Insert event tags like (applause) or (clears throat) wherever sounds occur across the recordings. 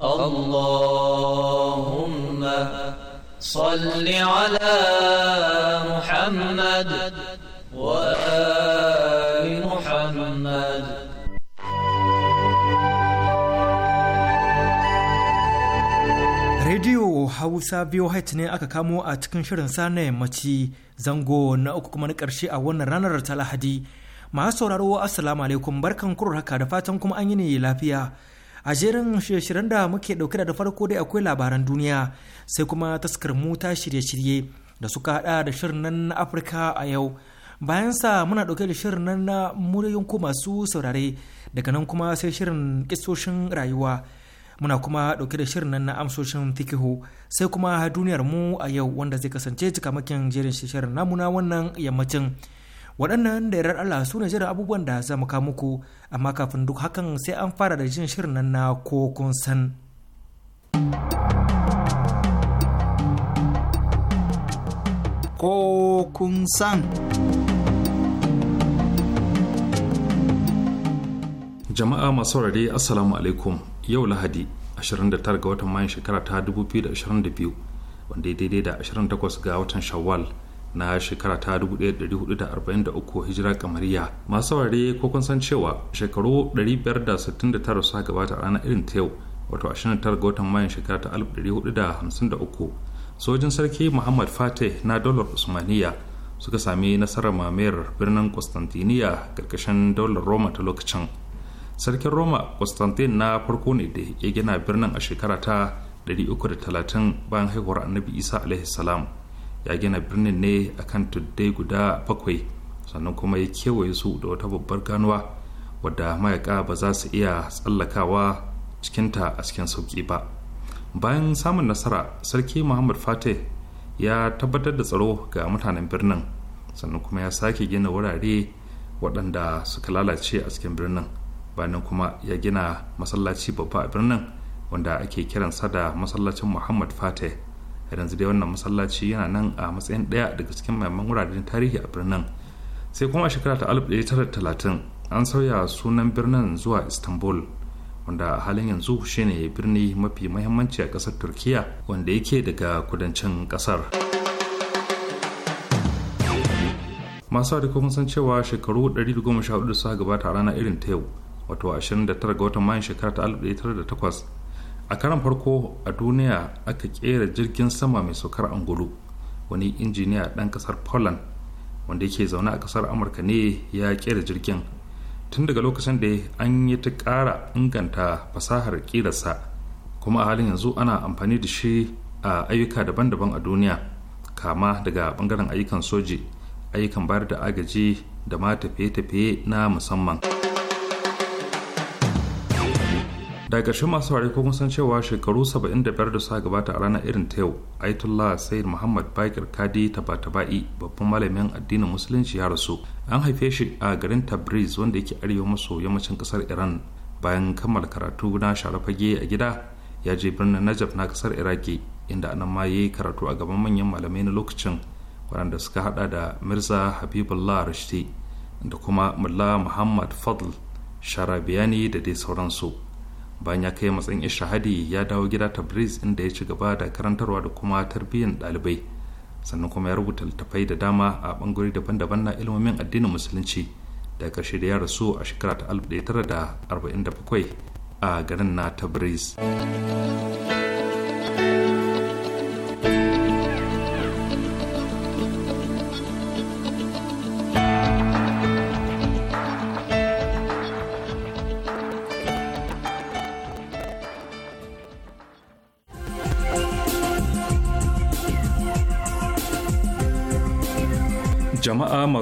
اللهم صل على محمد وآل محمد Rediyo Hausa VOH ne aka kamo a cikin shirin sa na yammaci zango na uku kuma na ƙarshe a wannan ranar ta Lahadi. Masu sauraro Assalamu alaikum barkan kurar haka da fatan kuma an yi ne lafiya. a jerin shirye-shiryen da muke dauke da farko dai akwai labaran duniya sai kuma taskar mu ta shirye-shirye da suka hada da shirin nan na afirka a yau bayan sa muna dauke da shirin nan na muryoyin ku masu saurare daga nan kuma sai shirin kisoshin rayuwa muna kuma dauke da shirin nan na amsoshin fikihu sai kuma duniyar mu a yau wanda zai kasance cikamakin jerin shirin namuna wannan yammacin waɗannan da yarar Allah su ne jiran abubuwan da za mu muku amma kafin duk hakan sai an fara da jin shirin nan na ko kun san. Ko kun san. Jama'a masu saurare Assalamu alaikum yau Lahadi 29 ga watan mayan shekara ta 2022 wanda daidai da 28 ga watan Shawwal na shekara ta 1443 hijira kamariya masu ware ko kun san cewa shekaru 569 su gabata a ranar irin ta yau wato 29 ga watan mayan shekara ta 1453 sojin sarki muhammad fatih na daular usmaniya suka sami nasarar mamayar birnin constantiniya karkashin daular roma ta lokacin sarkin roma constantine na farko ne da ya gina birnin a shekara ta 330 bayan haihuwar annabi isa alaihi salam ya gina birnin ne akan tuddai guda bakwai sannan kuma ya kewaye su da wata babbar ganuwa wadda mayaka ba za su iya tsallakawa cikinta a cikin sauki ba bayan samun nasara sarki muhammad fatih ya tabbatar da tsaro ga mutanen birnin sannan kuma ya sake gina wurare waɗanda suka lalace a cikin birnin bayan kuma ya gina masallaci babba a birnin wanda ake kiransa da masallacin muhammad fatih har yanzu dai wannan masallaci yana nan a matsayin daya daga cikin mahimman wuraren tarihi a birnin sai kuma a shekara ta 1930 an sauya sunan birnin zuwa istanbul wanda a halin yanzu shine birni mafi mahimmanci a kasar turkiya wanda yake daga kudancin kasar. masu da kuma san cewa shekaru 114 suka gabata a rana irin ta yau wato 29 ga watan mayan shekara ta 1908 a karan farko a duniya aka kera jirgin sama mai saukar angulu wani injiniya ɗan ƙasar poland wanda yake zaune a ƙasar amurka ne ya kera jirgin tun daga lokacin da an yi ta kara inganta fasahar kirarsa kuma a halin yanzu ana amfani da shi a ayyuka daban-daban a duniya kama daga bangaren ayyukan soji ayyukan bayar da agaji da ma tafiye-tafiye na musamman. da ƙarshe masu ware ko san cewa shekaru 75 da suka gabata a ranar irin ta yau aitullah sayyid muhammad bakir kadi tabatabai babban malamin addinin musulunci ya rasu an haife shi a garin tabriz wanda yake arewa maso yammacin kasar iran bayan kammala karatu na sharafage a gida ya je birnin najaf na kasar iraki inda anan ma ya karatu a gaban manyan malamai na lokacin waɗanda suka haɗa da mirza habibullah rashidi da kuma mulla muhammad fadl sharabiyani da dai sauransu bayan ya kai matsayin ishahadi ya dawo gida tabriz inda ya ci gaba da karantarwa da kuma tarbiyyar ɗalibai sannan kuma ya rubuta littattafai da dama a bangare daban-daban na ilmomin addinin musulunci da karshe da ya rasu a shekara ta 1947 a garin na tabriz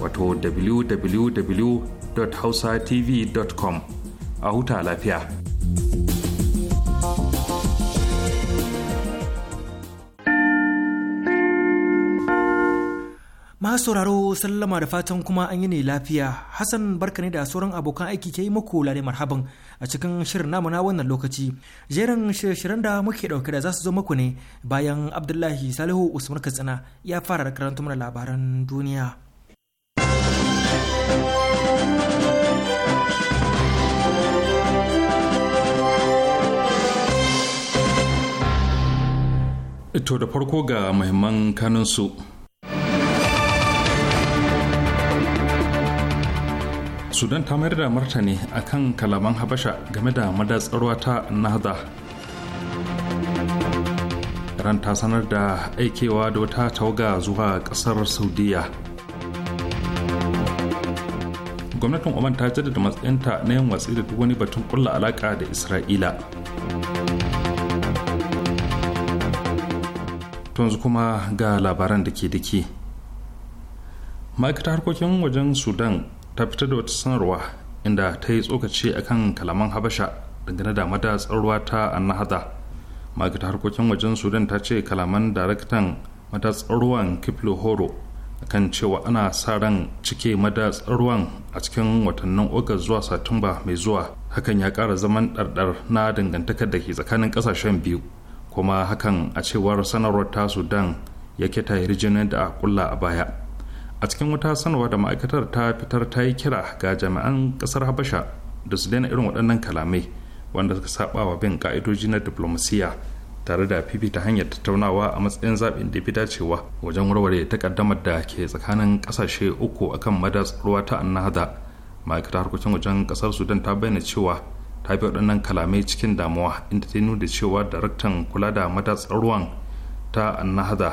wato www.hausatv.com a huta lafiya. Masu sauraro sallama da fatan kuma an yi ne lafiya Hassan barka ne da sauran abokan aiki ke yi muku lare marhaban a cikin shirin namu na wannan lokaci jerin shirin da muke dauke da za su zo muku ne bayan Abdullahi Salihu Usman Katsina ya fara karantar mana labaran duniya. ito da farko ga muhimman kanunsu. Sudan ta mayar da martani a kan kalaman Habasha game da madatsarwa ta Nahda. ran ta sanar da aikewa da wata tawaga zuwa kasar Saudiya. gwamnatin oman ta jaddada matsayinta na yin watsi da duk wani batun kulla alaka da isra'ila yanzu kuma ga labaran da ke dake ma'aikatar harkokin wajen sudan ta fitar da wata sanarwa inda ta yi tsokaci akan kalaman habasha dangane da madatsar ruwa ta annahada ma'aikatar harkokin wajen sudan ta ce kalaman daraktan madatsar ruwan kiflo horo kan cewa ana sa ran cike madatsar ruwan a cikin watannin ogas zuwa satumba mai zuwa hakan ya kara zaman ɗarɗar na dangantakar da ke tsakanin ƙasashen biyu kuma hakan a cewar sanarwar ta sudan ya keta yarjejeniyar da a kulla a baya a cikin wata sanarwa da ma'aikatar ta fitar ta yi kira ga jami'an ƙasar habasha da su daina irin waɗannan kalamai wanda suka saba wa bin ƙa'idoji na diplomasiya tare da ta hanyar tattaunawa a matsayin zaɓin da fi dacewa wajen warware takaddamar da ke tsakanin ƙasashe uku akan madatsarwa ta annahda ma'aikatar harkokin wajen ƙasar sudan ta bayyana cewa ta fi waɗannan kalamai cikin damuwa inda ta nuna cewa daraktan kula da madas ta annahda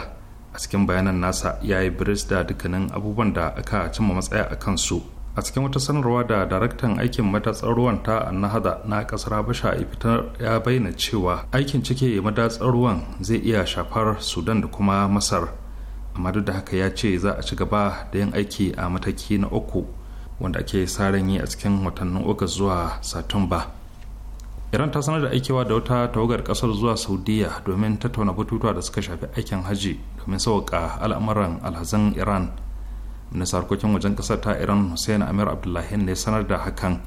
a cikin bayanan nasa ya yi biris da dukkanin abubuwan da aka cimma matsaya a kansu a cikin wata sanarwa da daraktan aikin madatsar ruwan ta annahada na kasar habasha ya fitar ya bayyana cewa aikin cike madatsar ruwan zai iya shafar sudan da kuma masar amma duk da haka ya ce za a ci gaba da yin aiki a mataki na uku wanda ake saran yi a cikin watannin ogas zuwa satumba iran ta sanar da aikewa da wata tawagar kasar zuwa saudiya domin tattauna batutuwa da suka shafi aikin haji domin sauƙa al'amuran alhazan iran na harkokin wajen kasar ta iran hussein amir abdullahi ne sanar da hakan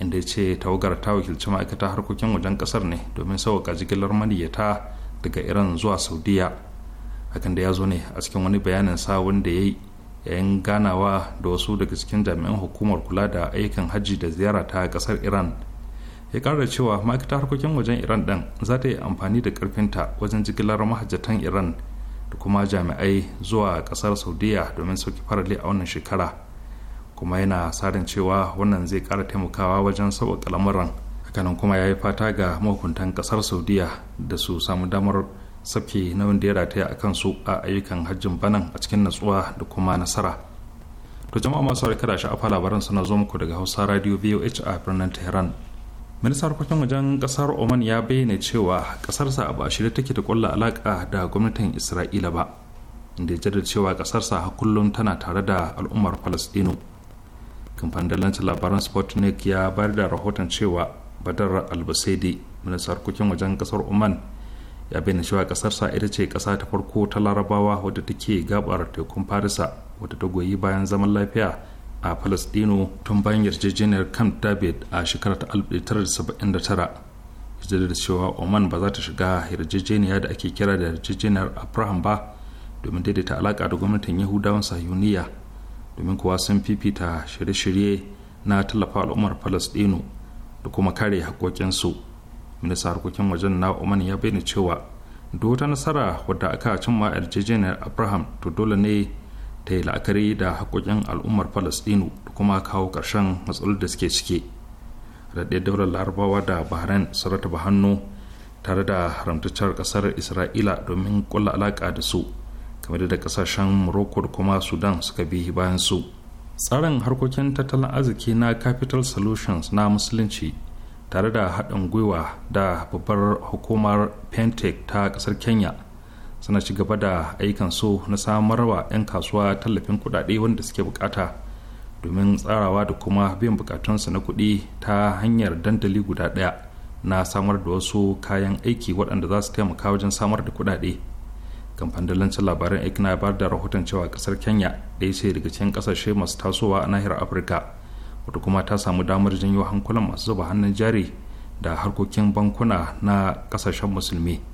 inda ya ce tawagar ta wakilci ma'aikata harkokin wajen kasar ne domin sauƙaƙa jigilar maniyyata daga iran zuwa saudiya hakan da ya zo ne a cikin wani bayanin sa wanda ya yi yayin ganawa da wasu daga cikin jami'an hukumar kula da aikin hajji da ziyara ta kasar iran ya kara cewa ma'aikata harkokin wajen iran ɗin za ta yi amfani da ƙarfinta wajen jigilar mahajjatan iran da kuma jami'ai zuwa kasar saudiya domin sauki farali a wannan shekara kuma yana sarin cewa wannan zai kara taimakawa wajen sauƙaƙa lamuran hakanan kuma ya yi fata ga mahukuntan kasar saudiya da su samu damar sabke na wanda ya rataya a su a ayyukan hajjin banan a cikin natsuwa da kuma nasara to jama'a masu kada afa labaran suna zo muku daga hausa radio voh a birnin tehran ministan harkokin wajen kasar oman ya bayyana cewa kasarsa ba shirye take da kulla alaka da gwamnatin isra'ila ba inda ya cewa kasarsa kullum tana tare da al'ummar palestino kamfanin dalancin labaran sputnik ya bayar da rahoton cewa badar albasaidi ministan harkokin wajen kasar oman ya bayyana cewa kasarsa ita ce kasa ta farko ta larabawa wadda take gabar tekun farisa wadda ta goyi bayan zaman lafiya a falasɗinu tun bayan yarjejeniyar camp david a shekarar ta 1979 da cewa oman ba za ta shiga yarjejeniya da ake kira da yarjejeniyar abraham ba domin daidaita alaka da gwamnatin yahudawan sahuniya domin kuwa sun fifita shirye-shirye na tallafa al'ummar palestino da kuma kare haƙoƙinsu minista harkokin wajen na oman ya bayyana cewa duk wata nasara wadda aka cimma yarjejeniyar abraham to dole ne ta yi la'akari da haƙoƙin al'ummar falastinu da kuma kawo ƙarshen matsalolin da suke cike raɗe daular larabawa da bahrain sun rataba hannu tare da haramtacciyar ƙasar isra'ila domin ƙulla alaƙa da su kamar da ƙasashen morocco da kuma sudan suka bi bayan su tsarin harkokin tattalin arziki na capital solutions na musulunci tare da haɗin gwiwa da babbar hukumar pentec ta ƙasar kenya suna ci gaba da ayyukan su na samarwa 'yan kasuwa tallafin kudade wanda suke bukata domin tsarawa da kuma biyan bukatunsu na kudi ta hanyar dandali guda daya na samar da wasu kayan aiki waɗanda za su taimaka wajen samar da kuɗaɗe kamfanin dalancin labaran aiki na bayar da rahoton cewa kasar kenya ɗaya ce daga cikin ƙasashe masu tasowa a nahiyar afirka wata kuma ta samu damar janyo hankulan masu zuba hannun jari da harkokin bankuna na ƙasashen musulmi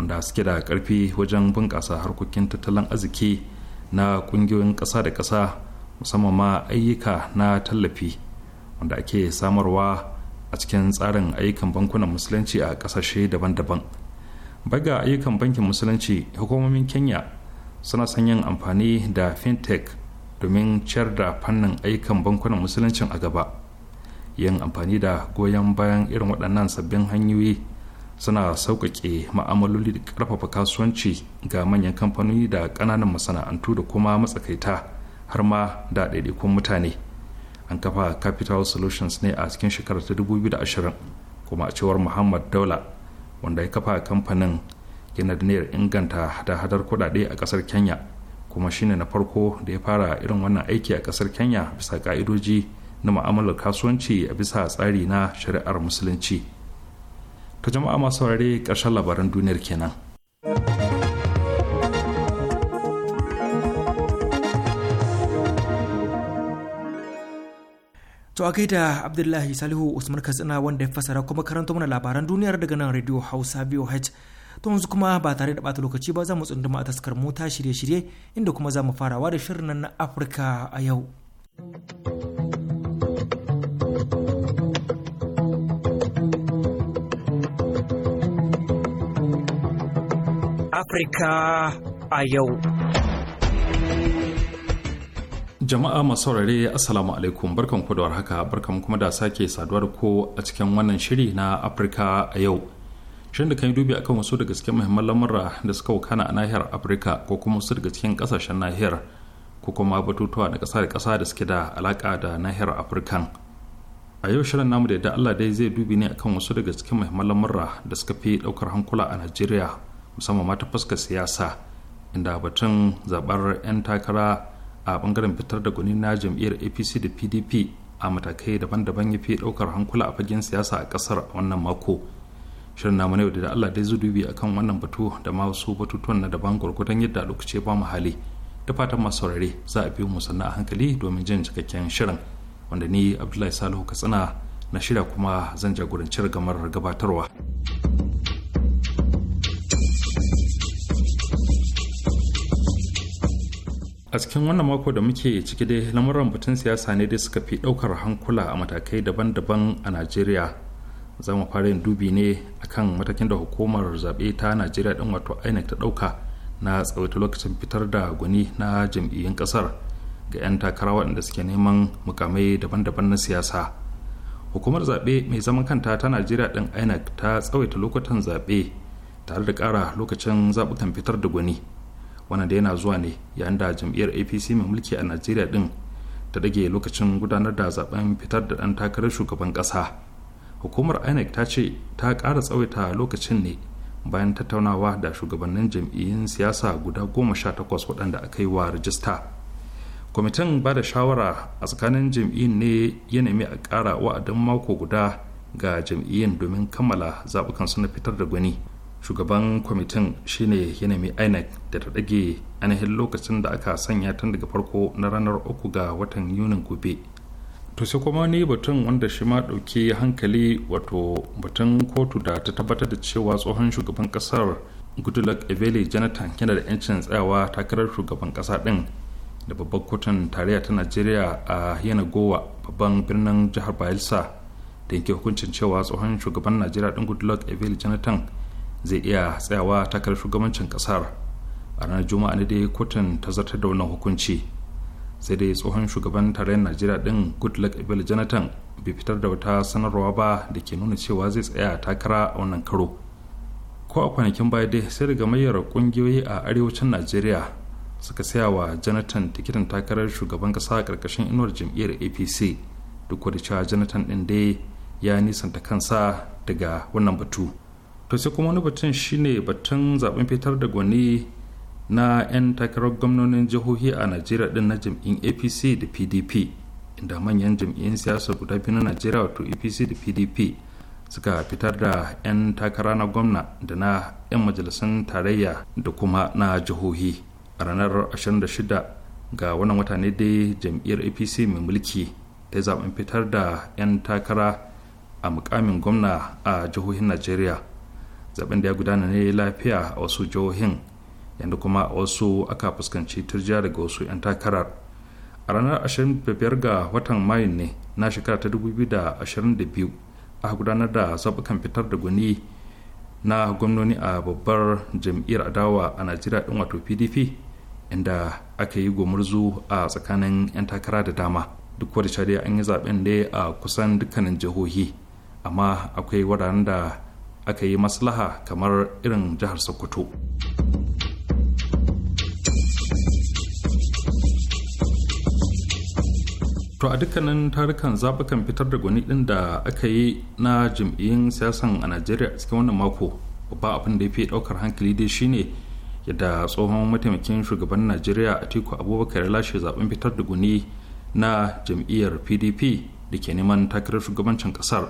wanda suke da ƙarfi wajen bunƙasa harkokin tattalin arziki na ƙungiyoyin ƙasa da ƙasa musamman ma ayyuka na tallafi wanda ake samarwa a cikin tsarin ayyukan bankunan musulunci a ƙasashe daban-daban baga ayyukan bankin musulunci hukumomin kenya suna sanyin amfani da fintech domin ciyar da fannin ayyukan bankunan musulunci a gaba yin amfani da goyon bayan irin waɗannan sabbin hanyoyi suna sauƙaƙe ma'amaloli da ƙarfafa kasuwanci ga manyan kamfanoni da ƙananan masana'antu da kuma matsakaita har ma da ɗaiɗaikun mutane an kafa capital solutions ne a cikin shekarar ta 2020 kuma a cewar muhammad daula wanda ya kafa kamfanin yana da niyyar inganta da hadar kuɗaɗe a ƙasar kenya kuma shine na farko da ya fara irin wannan aiki a ƙasar kenya bisa ƙa'idoji na ma'amalar kasuwanci a bisa tsari na shari'ar musulunci to jama'a masu saurare ƙarshen labaran duniyar kenan. To a da Abdullahi Salihu Usman Katsina wanda ya fasara kuma karanta mana labaran duniyar daga nan Radio Hausa BOH. To yanzu kuma ba tare da bata lokaci ba za mu tsunduma a taskar mota shirye-shirye inda kuma za mu farawa da shirin na Afirka a yau. Afirka a yau. Jama'a masu saurare Assalamu alaikum barkan ku da warhaka barkan kuma da sake saduwa da ko a cikin wannan shiri na Afirka a yau. Shirin da kan yi dubi akan wasu daga cikin muhimman lamura da suka wakana a nahiyar Afirka ko kuma wasu daga cikin kasashen nahiyar ko kuma batutuwa na kasa da kasa da suke da alaka da nahiyar Afirkan. a yau shirin namu da yadda Allah dai zai dubi ne akan wasu daga cikin muhimman lamurra da suka fi daukar hankula a Najeriya musamman mata ta fuskar siyasa inda batun zabar 'yan takara a bangaren fitar da gwani na jam'iyyar apc da pdp a matakai daban-daban ya fi daukar hankula a fagen siyasa a kasar wannan mako shirin namu na yau da allah dai zudubi a kan wannan batu da ma wasu batutuwan na daban gwargwadon yadda lokaci ba mu hali da fatan masu saurare za a biyo mu sannan a hankali domin jin cikakken shirin wanda ni abdullahi salihu katsina na shirya kuma zan jagoranci gamar gabatarwa. a cikin wannan mako da muke ciki dai lamuran batun siyasa ne dai suka fi ɗaukar hankula a matakai daban-daban a najeriya za mu fara yin dubi ne akan matakin da hukumar zaɓe ta najeriya din wato inec ta ɗauka na tsawaita lokacin fitar da gwani na jam'iyyun ƙasar ga 'yan takara waɗanda suke neman mukamai daban-daban na siyasa hukumar zaɓe mai zaman kanta ta najeriya ɗin inec ta tsawaita lokutan zaɓe tare da ƙara lokacin zaɓukan fitar da gwani wannan da yana zuwa ne yayin da jam'iyyar apc mai mulki a najeriya din ta dage lokacin gudanar da zaben fitar da ɗan takarar shugaban kasa hukumar inec ta ce ta kara tsawaita lokacin ne bayan tattaunawa da shugabannin jam'iyyun siyasa guda goma sha takwas waɗanda aka yi wa rajista kwamitin ba da shawara a tsakanin jam'iyyun ne ya nemi a kara wa'adin mako guda ga jam'iyyun domin kammala zaɓukan su na fitar da gwani shugaban kwamitin shine ya inec da ta dage ainihin lokacin da aka sanya tun daga farko na ranar uku ga watan yunin gobe to sai kuma ni batun wanda shi ma ɗauki hankali wato batun kotu da ta tabbatar da cewa tsohon shugaban kasar goodluck ebele jonathan yana da 'yancin tsayawa takarar shugaban kasa din da babban kotun tarayya ta najeriya a yanagowa babban birnin jihar bayelsa da yanke hukuncin cewa tsohon shugaban najeriya din goodluck ebele jonathan zai iya tsayawa takarar shugabancin kasar a ranar juma'a ne dai kotun ta zartar da wannan hukunci sai dai tsohon shugaban tarayyar najeriya din goodluck ebele jonathan bai fitar da wata sanarwa ba da ke nuna cewa zai tsaya takara a wannan karo ko a kwanakin baya dai sai da gamayyar kungiyoyi a arewacin najeriya suka saya wa jonathan tikitin takarar shugaban kasa a karkashin inuwar jam'iyyar apc duk da cewa jonathan din dai ya nisanta kansa daga wannan batu to sai kuma wani batun shine batun zaben fitar da gwani na 'yan takarar gwamnonin jihohi a najeriya din na jam'in apc da pdp inda manyan jam'iyyun siyasa guda biyu na najeriya wato apc da pdp suka fitar da 'yan takara na gwamna da na 'yan majalisun tarayya da kuma na jihohi a ranar 26 ga wannan wata ne dai jam'iyyar apc mai mulki ta zaben fitar da 'yan takara a mukamin gwamna a jihohin najeriya zaben da ya gudana ne lafiya a wasu jihohin yadda kuma a wasu aka fuskanci turjiya daga wasu 'yan takarar a ranar 25 ga watan mayu ne na shekara ta 2022 aka gudanar da zaɓukan fitar da guni na gwamnoni a babbar jam'iyyar adawa a najeriya din wato pdp inda aka yi gomurzu a tsakanin 'yan takara da dama duk wadda an yi zaben ne a kusan dukkanin jihohi amma akwai da. aka yi maslaha kamar irin jihar sokoto to a dukkanin tarukan zaɓukan fitar da gwani ɗin da aka yi na jam'iyyun siyasan a najeriya a cikin wannan mako babba abin da ya fi ɗaukar hankali dai shine yadda tsohon mataimakin shugaban najeriya atiku abubakar lashe zaben fitar da gwani na jam'iyyar pdp da ke neman takarar shugabancin ƙasar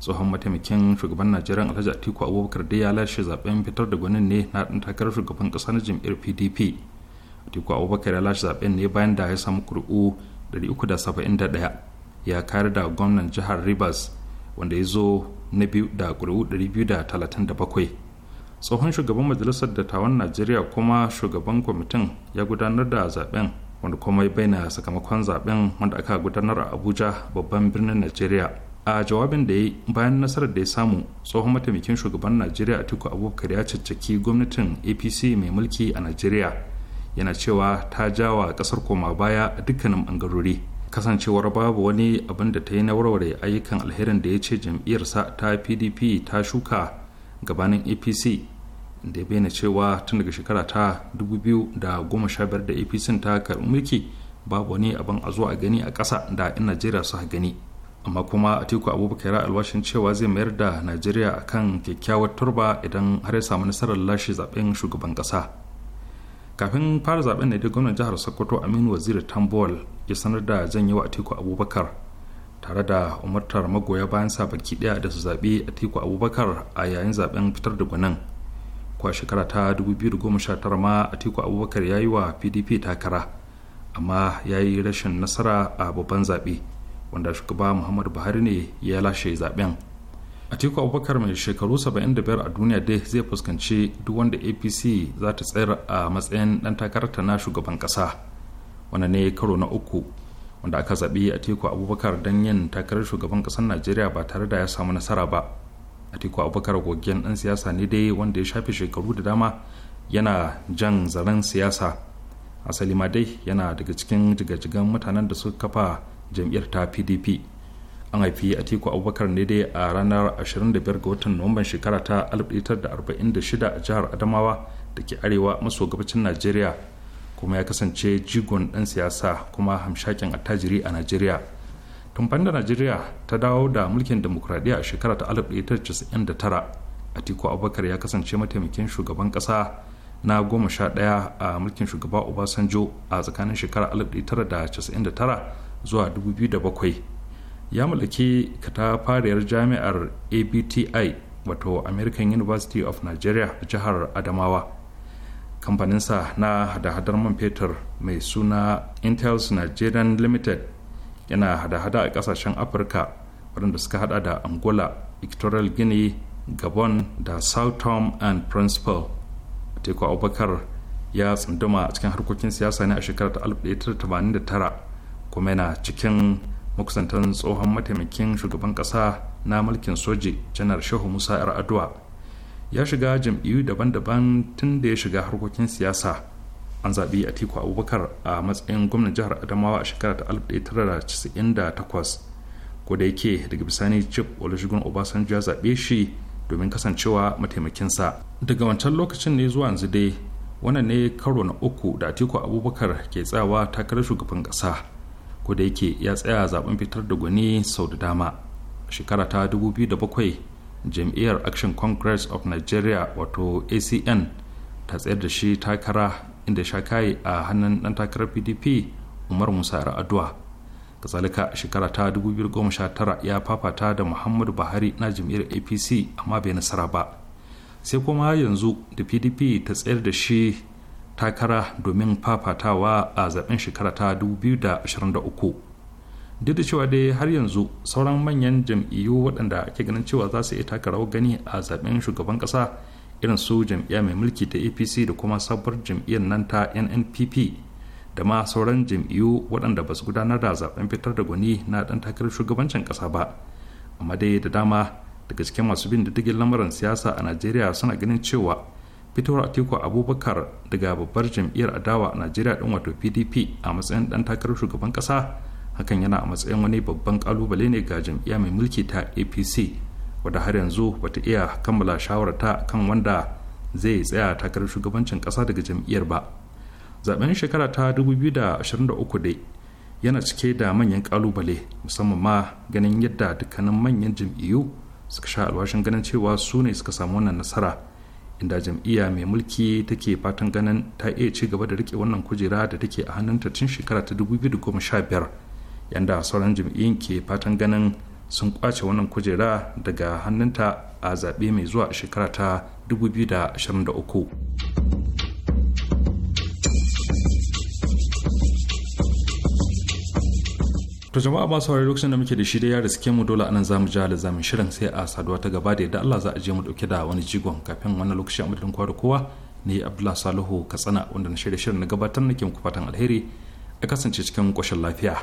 tsohon mataimakin shugaban najeriya alhaji atiku abubakar da ya lashe zaben fitar da gwanin ne na ɗan takarar shugaban ƙasa na jam'iyyar pdp atiku abubakar ya lashe zaben ne bayan da ya samu kuri'u 371 ya kayar da gwamnan jihar rivers wanda ya zo na biyu da kuri'u 237 tsohon shugaban majalisar dattawan najeriya kuma shugaban kwamitin ya gudanar da zaben wanda kuma ya bayyana sakamakon zaben wanda aka gudanar a abuja babban birnin najeriya a jawabin da ya bayan nasarar da ya samu tsohon mataimakin shugaban najeriya a atiku abubakar ya caccaki gwamnatin apc mai mulki a najeriya yana cewa ta jawa kasar koma baya a dukkanin bangarori kasancewar babu wani abin da ta yi na warware ayyukan alherin da ya ce jam'iyyarsa ta pdp ta shuka gabanin apc da ya bayyana cewa tun daga shekara ta 2015 da apc ta karɓi mulki babu wani abin a zo a gani a ƙasa da in najeriya su gani amma kuma atiku abubakar alwashin cewa zai mayar da najeriya kan kyakkyawar turba idan har ya samu nasarar lashe zaben shugaban kasa kafin fara zaben ne dai gwamnan jihar sokoto aminu waziri tambol ya sanar da wa atiku abubakar tare da umartar magoya bayan sa baki daya da su zaɓi atiku abubakar a yayin zaben fitar da gwanin kwa shekara ta 2019 ma atiku abubakar ya yi wa pdp takara amma ya yi rashin nasara a babban zaɓe wanda shugaba muhammadu buhari ne ya lashe zaben atiku abubakar mai shekaru 75 a duniya dai zai fuskanci duk wanda apc za ta tsayar a matsayin dan takararta na shugaban kasa wanda ne karo na uku wanda aka zaɓi atiku abubakar dan yin takarar shugaban ƙasar najeriya ba tare da ya samu nasara ba atiku abubakar goggen ɗan siyasa ne dai wanda ya shafe shekaru da dama yana jan zaren siyasa asali ma dai yana daga cikin jigajigan mutanen da suka kafa jam'iyyar ta pdp an haifi atiku abubakar ne dai a ranar 25 ga watan nuwamban shekara ta 1946 a jihar adamawa da ke arewa maso gabacin najeriya kuma ya kasance jigon ɗan siyasa kuma hamshakin attajiri a najeriya tumfan da najeriya ta dawo da mulkin demokuraɗiyya a shekara ta 1999 atiku abubakar ya kasance mataimakin shugaban ƙasa na goma sha ɗaya a mulkin shugaba obasanjo a tsakanin shekara 1999 zuwa 2007 ya mallaki katafariyar jami'ar abti wato american university of nigeria jihar adamawa kamfaninsa na hada-hadar man fetur mai suna intels nigerian limited yana hada-hada a kasashen afirka waɗanda suka hada da angola equatorial guinea gabon da south tom and principal teku abubakar ya tsunduma cikin harkokin siyasa ne a shekarar 1989 kuma yana cikin makusantar tsohon mataimakin shugaban kasa na mulkin soji janar shehu musa yar adu'a ya shiga jam'iyyu daban-daban tun da ya shiga harkokin siyasa an zaɓi a atiku abubakar a matsayin gwamnan jihar adamawa a shekara ta 1998 ko da yake daga bisani chief olusegun obasanjo ya zaɓe shi domin kasancewa mataimakinsa daga wancan lokacin ne zuwa yanzu dai wannan ne karo na uku da atiku abubakar ke tsayawa takarar shugaban ƙasa ko da yake ya tsaya zaben fitar da gwani sau da dama shekara ta 2007 jam'iyyar action congress of nigeria wato acn ta tsayar da shi takara inda sha kayi a hannun dan takarar pdp umar musa ra'adua kasalika shekara ta 2019 ya fafata da muhammadu buhari na jam'iyyar apc amma bai nasara ba sai kuma yanzu da pdp ta tsayar da shi takara domin fafatawa a zaben shekara ta 2023 duk da cewa dai har yanzu sauran manyan jam'iyyu waɗanda ake ganin cewa za su iya taka rawar gani a zaben shugaban ƙasa irin su jam'iyya mai mulki ta apc da kuma sabuwar jam'iyyar nan ta nnpp da ma sauran jam'iyyu waɗanda ba su gudanar da zaben fitar da gwani na ɗan takarar shugabancin ƙasa ba amma dai da dama daga cikin masu bin diddigin lamarin siyasa a najeriya suna ganin cewa fitowar atiku abubakar daga babbar jam'iyyar adawa a najeriya din wato pdp a matsayin ɗan takarar shugaban ƙasa hakan yana a matsayin wani babban kalubale ne ga jam'iyya mai mulki ta apc wadda har yanzu bata iya kammala ta kan wanda zai tsaya takarar shugabancin kasa daga jam'iyyar ba zaben shekara ta 2023 dai yana cike da manyan kalubale musamman ma ganin yadda dukkanin manyan jam'iyyu suka sha alwashin ganin cewa su ne suka samu wannan nasara inda jam'iyya mai mulki take fatan ganin ta iya ci gaba da rike wannan kujera da take a hannunta tun shekara ta 2015 yanda sauran jam'iyyun ke fatan ganin sun kwace wannan kujera daga hannunta a zaɓe mai zuwa shekara ta 2023 to jama'a ba saurari lokacin da muke da shi da ya riske mu dole anan zamu ja zamin shirin sai a saduwa ta gaba da yadda Allah za a je mu dauke da wani jigon kafin wannan lokaci a madadin kowa da kowa ne Abdullah Salihu Katsina wanda na shirya shirin na gabatar nake muku fatan alheri a kasance cikin koshin lafiya.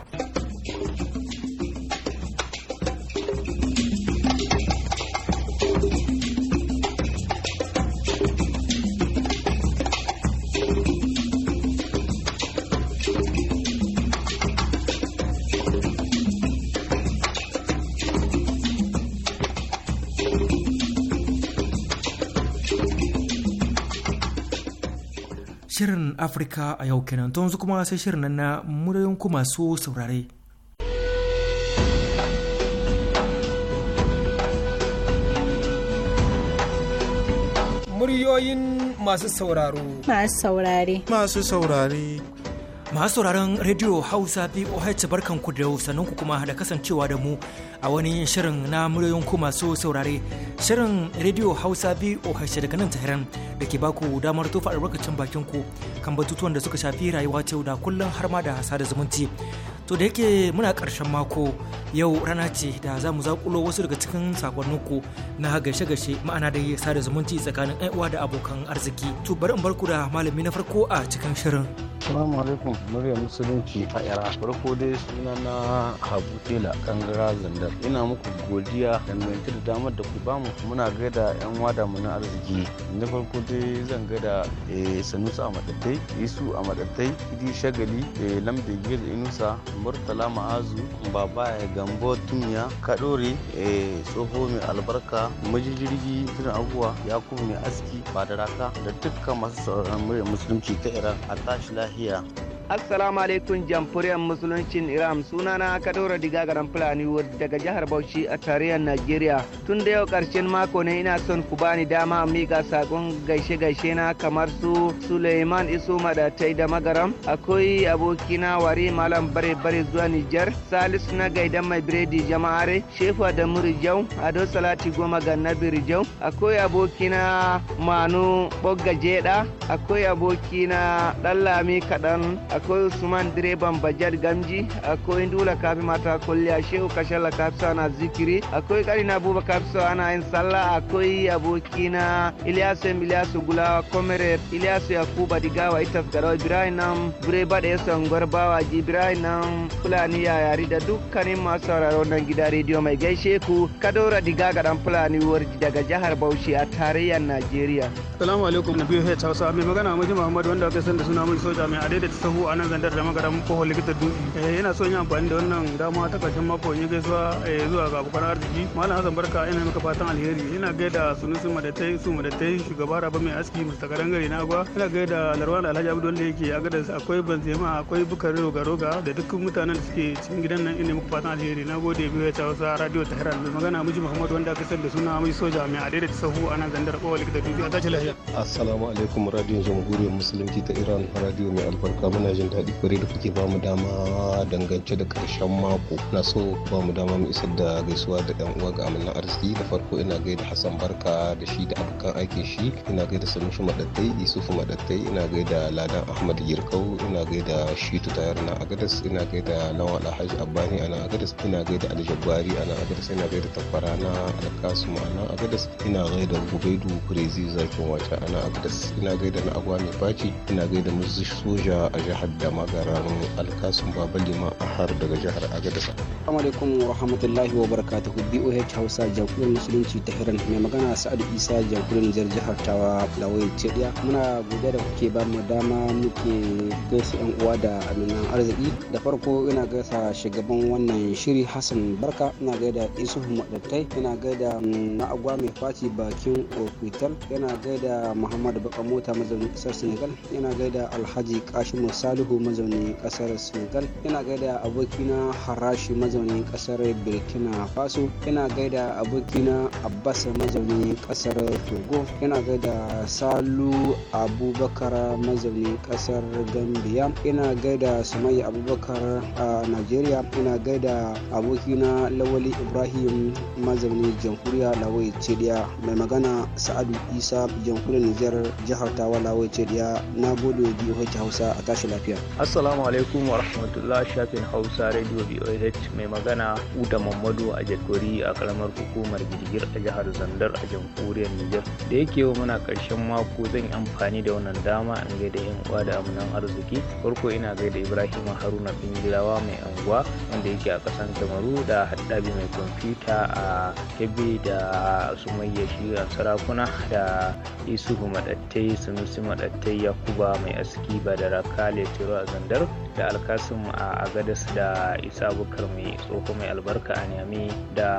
Shirin Afirka a yau kenan to yanzu kuma sai shirin nan na muryoyin ku masu saurare. Muryoyin masu sauraro. Masu saurare. Masu saurare. Masu sauraron Radio Hausa BOH barkanku da ku kuma da kasancewa da mu a wani shirin na muryoyin ku masu saurare. Shirin Radio Hausa BOH daga nan Tahiran da ke baku damar tofa albarkacin bakin ku kan batutuwan da suka shafi rayuwa ta da kullum har ma da sada zumunci. to da yake muna karshen mako yau rana ce da za mu zaƙulo wasu daga cikin sakonninku na gashe-gashe ma'ana da da zumunci tsakanin uwa da abokan arziki to bari in barku da malami na farko a cikin shirin salamu alaikum murya musulunci a yara farko dai suna na habu tela kangara zandar ina muku godiya dangance da damar da ku bamu muna gaida yan wada mu na arziki na farko dai zan gaida eh, sanusa a matattai isu a matattai idi shagali da eh, lambe gil inusa murtala ma'azu baba gambo tunya kaɗuri eh, tsoho mai albarka majijirgi jiran abuwa yakubu mai aski badaraka da dukkan masu sauraron musulunci ta iran a tashi lahiya Assalamu alaikum jamhuriyar musuluncin Iran sunana Kadora Diga garan Fulani daga jihar Bauchi a tarayyar Najeriya. Tun da yau karshen mako ne ina son ku bani dama miƙa sakon gaishe gaishe na kamar su Suleiman Isu Madatai da Magaram, akwai abokina Wari Malam Bare Bare zuwa Nijar, Salisu na gaidan mai biredi jama'are, Shefa da Murijau, Ado Salati Goma ga Nabirijau, akwai abokina Manu Bogga Jeda, akwai abokina Dallami Kaɗan, akwai usman direban bajar gamji akwai dula kafi mata a shehu kashalla kafi ana zikiri akwai karina abubakar so ana yin sallah akwai abokina ilyasu ilyasu gulawa komere ya kuba digawa itas garawa ibrahim bure ba da yasan gwarbawa ibrahim na fulani yari da dukkanin masu sauraro nan gida rediyo mai gaishe ku kadora diga dan fulani warji daga jihar bauchi a tarayyar najeriya salamu alaikum na biyu hausa mai magana muji muhammad wanda aka san da suna mai soja mai adaidaita sahu a nan zandar da magaram kofar likita dutse eh, ina son yin amfani da wannan dama ta karshen mako in yi gaisuwa eh, zuwa ga abokan arziki malam hassan barka ina maka fatan alheri ina gaida su madatai su madatai shugaba raba mai aski mr karangare na gwa ina gaida larwan alhaji abdul da yake a gadar akwai banzema akwai bukari roga roga da dukkan mutanen da suke cikin gidan nan ina maka fatan alheri na gode biyu ya tawo sa radio ta tehran mai magana miji muhammad wanda aka sani da suna mai soja mai adai da sahu a nan zandar kofar likita dutse a tashi lafiya assalamu alaikum radio jamhuriyar musulunci ta iran radio mai albarka muna jin daɗi kwarai da kuke bamu dama dangance da ƙarshen mako na so ba mu dama mu isar da gaisuwa da ɗan uwa ga amina arziki da farko ina gaida Hassan Barka da shi da abokan aikin shi ina gaida Sanusi Madattai Yusufu Madattai ina gaida Ladan Ahmad Yirkau ina gaida Shitu Tayar na Agadas ina gaida Lawal Alhaji Abbani ana Agadas ina gaida Ali Jabbari ana Agadas ina gaida Tabbara na Alkasu ana Agadas ina gaida Gubaidu Kurezi Zakin Wata ana Agadas ina gaida na agwami Baci ina gaida Muzi Soja a jihar jihar da magaran alkasun baba liman ahar daga jihar agadasa assalamu alaikum wa rahmatullahi wa barakatuhu boh hausa jamhuriyar musulunci ta hirar mai magana sa'adu isa jamhuriyar jihar tawa lawai cediya muna gobe da kuke ba mu dama muke gaisa yan uwa da aminan arziki da farko ina gaisa shugaban wannan shiri hassan barka ina gaida isuhu madattai ina gaida mm, na'agwa mai faci bakin ofital yana gaida muhammadu baka mota mazaunin kasar senegal yana gaida alhaji kashi sali salihu mazaunin kasar senegal yana gaida abokina harashi mazaunin kasar burkina faso ina gaida abokina abbas mazaunin kasar togo ina gaida salu abubakar mazaunin kasar gambia yana gaida sumayya abubakar a nigeria ina gaida abokina lawali ibrahim mazaunin jamhuriya lawai cediya mai magana sa'adu isa jamhuriyar nijar jihar tawa lawai cediya na gode biyu hausa a tashi lafiya lafiya assalamu alaikum wa rahmatullah shafin hausa radio voh mai magana uda mamadu a jakori a karamar hukumar girgir a jihar zandar a jamhuriyar nijar da yake yau muna karshen mako zan yi amfani da wannan dama in gaida yan uwa da amunan arziki farko ina gaida ibrahim haruna bingilawa mai anguwa wanda yake a kasan kamaru da haddabi mai kwamfuta a kebe da sumayya shi a sarakuna da isuhu madattai sunusi madattai yakuba mai aski badarakale. Letiro a Zandar da alkasim a agadas da isa bukar mai tsoho mai albarka a nyami da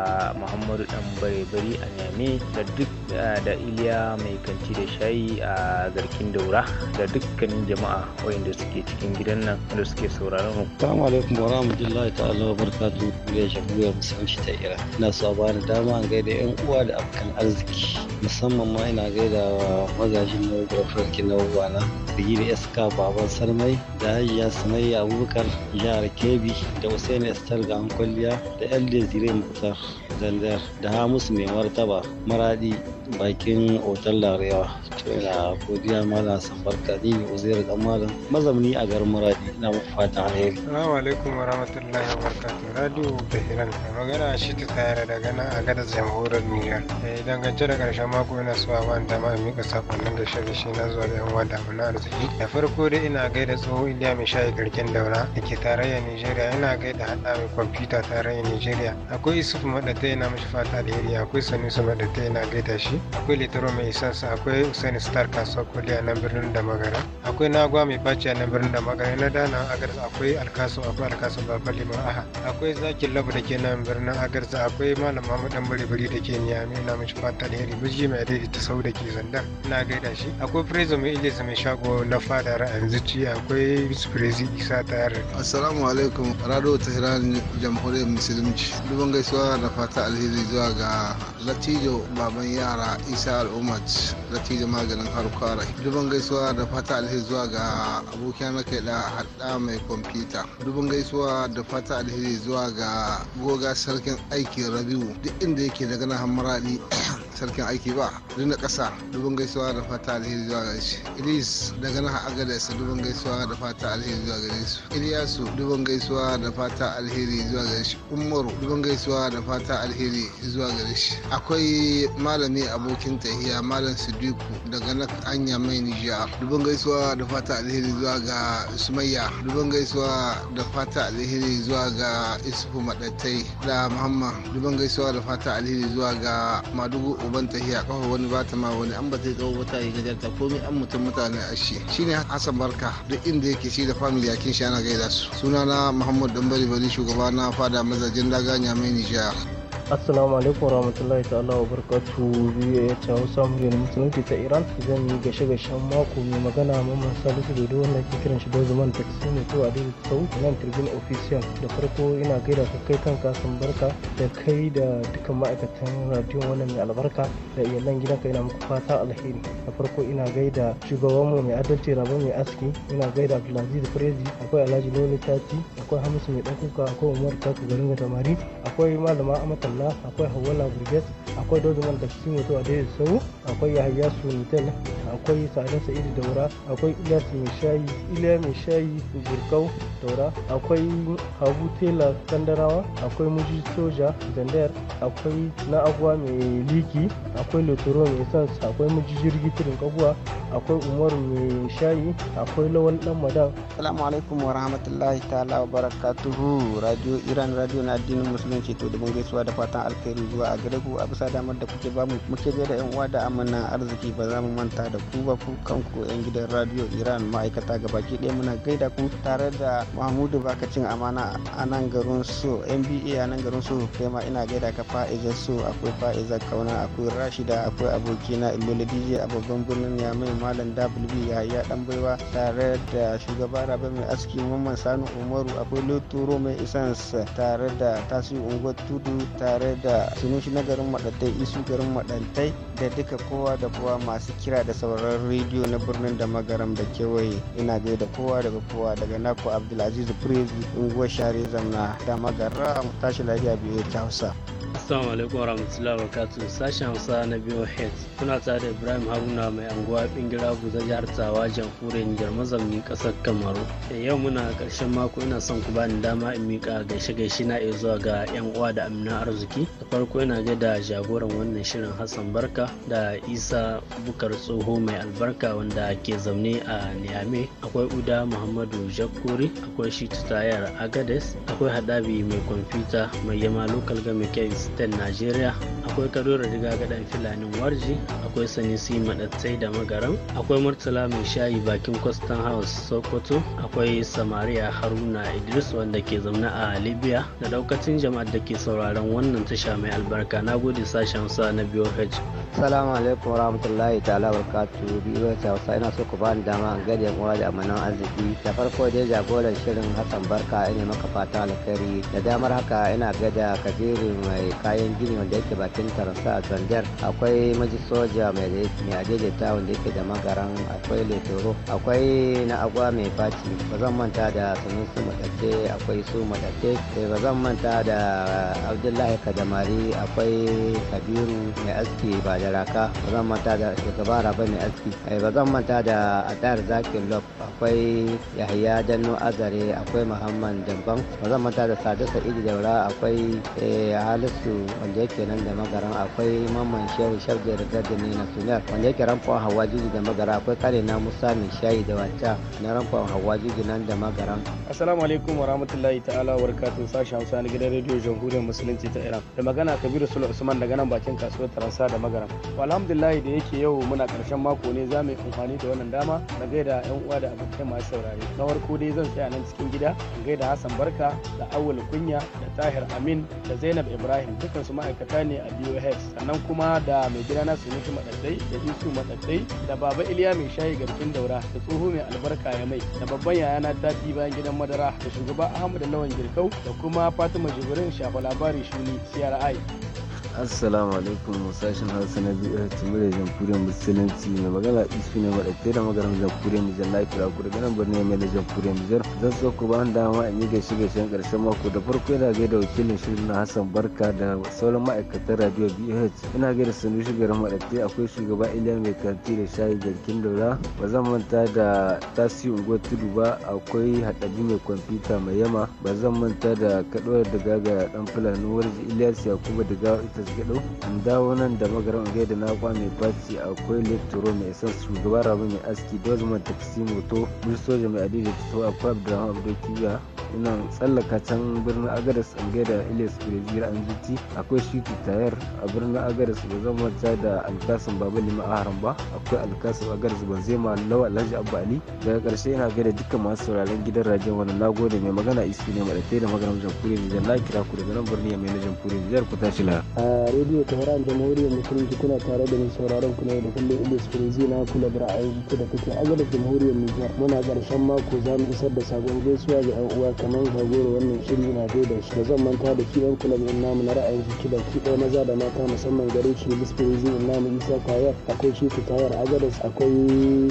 muhammadu dan barebari a nyami da duk eh, da iliya mai kanti da shayi a garkin daura da dukkanin jama'a wayanda suke cikin gidan nan da suke sauraron mu assalamu alaikum wa rahmatullahi ta'ala wa barakatuhu ya shabuya musamman ta iran ina so ba ni dama an gaida yan uwa da abokan arziki musamman ma ina gaida wa magajin na farkin na uwana da gida iska baban sarmai da hajiya sanai Ali Abubakar jihar Kebbi da Hussein Estar ga kwalliya da El Desire Mukhtar Zandar da Hamisu mai martaba Maradi bakin otal larewa to ina godiya malam barka ni ne uzairu dan malam mazamni a garin muradi ina muku fatan alheri assalamu alaikum wa rahmatullahi wa barakatuh radio bahiran magana shi ta tare daga nan a gadar jamhuriyar niger eh dangance da karshen mako ina so a ban ma in mika sakonnin da shi shi na zuwa ga yan uwa da arziki da farko dai ina gaida tsoho iliya mai shayi garkin daura da ke tarayyar nigeria ina gaida hada mai kwamfuta tarayyar nigeria akwai isuf madatai na mashi fata alheri akwai sanusi madatai ina gaida shi akwai litoro mai isansa akwai usain star kasuwa kudi a nan birnin da magara akwai nagwa mai faci a nan birnin da magara na dana agarza. akwai alkasu akwai alkasu babban liman aha akwai zakin labu da ke nan birnin agarza. akwai malam mahmud dan bari da ke niyami na mishi fata alheri miji mai adai ta sau da ke zandar na gaida shi akwai prezo mai ilisa mai shago na fada ra'ayin zuci akwai bisprezi isa tayar assalamu alaikum Rado tehran jamhuriyar musulunci dubban gaisuwa da fata alheri zuwa ga latijo baban yara sunana isa al'ummat tije maganin harkwara duban gaisuwa da fata alheri zuwa ga abokiya na kai da hada mai kwamfuta duban gaisuwa da fata alheri zuwa ga goga sarkin aikin rabiu duk inda yake da gana hamaradi (clears throat) sarkin aiki ba duna kasa ƙasa dubin gaisuwa da fata alheri zuwa ga shi ilis daga nan agadez dubin gaisuwa da fata alheri zuwa ga su iliyasu dubin gaisuwa da fata alheri zuwa ga shi umaru dubin gaisuwa da fata alheri zuwa ga shi akwai malami a abokin tahiya malam sidiku daga nan anya mai nijiya dubin gaisuwa da fata alheri zuwa ga sumayya dubin gaisuwa da fata alheri zuwa ga isufu madattai da muhammad dubin gaisuwa da fata alheri zuwa ga madugu uban tahiya kafa wani bata ma wani an ba ta tsawo wata yi gajarta komai an mutum mutane ashe ne hassan barka duk inda yake shi da family yakin shi ana gaida su sunana muhammad dambari bari shugaba na fada mazajen daga mai nijiya assalamu alaikum warahmatullahi ta'ala wa barkatu biyu ya ce hausa muryar musulunci ta iran zan yi gashe gashen mako mai magana mamman salisu dodo wanda ke kiran shi zuma da taksi mai to a daidai sau nan turbin ofisiyan da farko ina gaida ka kai kan sun barka da kai da dukkan ma'aikatan radiyon wannan mai albarka da iyalan ka ina muku fata alheri da farko ina gaida shugabanmu mai adalci rabo mai aski ina gaida abdulaziz firezi akwai alhaji lolo tati akwai hamisu mai ɗan akwai umar taku garin tamari akwai malama amatan akwai hawala brigade akwai dozman da mutu a akwai yahaya sunitel akwai sada sa'idu daura akwai ilyas mai shayi iliya mai shayi daura akwai habu tela kandarawa akwai muji soja zandar akwai na agwa mai liki akwai lotoro mai sans akwai muji jirgi turin kaguwa akwai umaru mai shayi akwai lawan dan madan assalamu alaikum wa rahmatullahi ta'ala wa barakatuhu radio iran radio na addinin musulunci to da mun gaisuwa da fatan alkhairi zuwa a gare ku a bisa damar da kuke bamu muke da yan uwa da amana arziki ba za mu manta da da ku ba ku kanku 'yan gidan radio iran ma'aikata gabaki ɗaya muna gaida ku tare da mahmudu bakacin amana a nan garin su nba a nan garin su kai ma ina gaida ka fa'iza su akwai fa'iza kauna akwai rashida akwai abokina ilola dj a babban birnin ya mai malam wb ya ya dan baiwa tare da shugaba rabe mai aski mamman sanu umaru akwai loturo mai isans tare da tasiri unguwar tudu tare da sunushi na garin maɗantai isu garin maɗantai da duka kowa da kowa masu kira da sau sauraron rediyo na birnin da magaram da kewaye ina gai da kowa daga kowa daga naku abdulaziz prezi unguwar share zamna da magaram tashi lafiya biyu ta hausa Assalamu alaikum warahmatullahi wabarakatuh sashen Hausa na biyu Head kuna tare da Ibrahim Haruna mai anguwa bingira guza jihar Tawa jamhuriyar jar mazaunin kasar Kamaru. Yau muna karshen mako ina son ku bani dama in mika gaishe gaishe na iya zuwa ga yan uwa da amina arziki. Da farko ina gaida jagoran wannan shirin Hassan Barka da Isa Bukar Tsoho mai albarka wanda ke zaune a niamey akwai uda muhammadu jakuri akwai shi tayar agades akwai hadabi mai kwamfuta mai yama local gamikin stan nigeria akwai kadoro riga gadan filanin warji akwai sanisi madattai da magaran. akwai murtala mai shayi bakin kwastan house sokoto akwai samaria haruna idris wanda ke zaune a libya da daukacin jama'ar da ke sauraron wannan tasha mai albarka na gode sashen sa na BOH Assalamu alaikum warahmatullahi ta'ala barkatu biyu ta wasa ina so ku bani dama an gari yankuwa da amanan arziki da farko dai jagoran shirin Hassan Barka ina maka fata alkhairi da damar haka ina gada Kabiru mai kayan gini wanda yake bakin taransa a Zandar akwai maji soja mai mai ta wanda yake da magaran akwai letoro akwai na agwa mai faci ba zan manta da su madatte akwai su madatte eh, ba zan manta da abdullahi kadamari akwai kabiru mai aski ba da raka ba zan manta da shugaba rabani aski eh, ba zan manta da adar zakin lob akwai yahaya danno azare akwai muhammad damban ba zan manta da sadu sa'idu daura akwai eh, halisu wanda yake nan da magaran akwai mamman shehu shabda da ne na sunar wanda yake ranfa hawa jiji da magara akwai kare na musa mai shayi da wata na ranfa hawa jiji nan da magaran assalamu alaikum wa rahmatullahi ta'ala wa barakatun sashi hausa na gidan rediyo jamhuriyar musulunci ta iran da magana kabiru sulu usman daga nan bakin kasuwar taransa da magaran kenan alhamdulillah da yake yau muna karshen mako ne za mu yi amfani da wannan dama na gaida yan uwa da abokai masu saurare na farko dai zan tsaya nan cikin gida in gaida hassan barka da awul kunya da tahir amin da zainab ibrahim dukkan su ma'aikata ne a biyu sannan kuma da mai gida na sunuki madaddai da isu madaddai da baba iliya mai shayi garkin daura da tsoho mai albarka ya mai da babban yayana tafi bayan gidan madara da shugaba ahmadu lawan girkau da kuma fatima jibrin shafa labari shuni cri assalamu alaikum sashen hausa na biyu cimar eh, da jamhuriyar musulunci mai magana isu ne maɗaɗe da magaram jamhuriyar nijar na kira ku daga nan birnin mai da jamhuriyar nijar zan so ku ba dama in yi gaishe gaishen ƙarshen mako da farko yana gaida wakilin shirin na hassan barka da sauran ma'aikatan radio bh ina gaida sanu shugaban maɗaɗe akwai shugaba iliya mai kanti da shayi garkin daura ba zan manta da tasi unguwar tudu ba akwai haɗari mai kwamfuta mai yama ba zan manta da kaɗuwar daga ga ɗan fulani warji iliyas yakuba gawa ita gyaɗau an dawo nan da magaran da na kwa mai basi akwai lecturer mai son shugaban rabu mai aski dozman taksi moto soja mai adida ta akwai abu da kibiya ina tsallaka can birnin agadas in gaida ilyas brezil an zuci akwai shiti tayar a birnin agadas ba zan manta da alkasim baba lima a haram ba akwai alkasim agadas ban zai ma lawa alhaji abu ali daga karshe ina gaida dukkan masu sauraron gidan rajin wani nagode mai magana isu ne maɗatai da maganar jamhuriyar nijar na kira ku daga nan birni mai na jamhuriyar nijar ku tashi la. a rediyo ta horon jamhuriyar musulunci kuna tare da mai sauraron ku na yau da kullum ilyas brezil na kula da ra'ayin ku da kuke agadas jamhuriyar mutum muna karshen mako za mu isar da sabon gaisuwa ga 'yan uwa kamar jagoro wannan shiri na da shi ba zan manta da shi dan kulan in namu na ra'ayin jiki da ɗaya maza da mata musamman garin shi bispirizi in namu isa kayar akwai shi tayar agadas akwai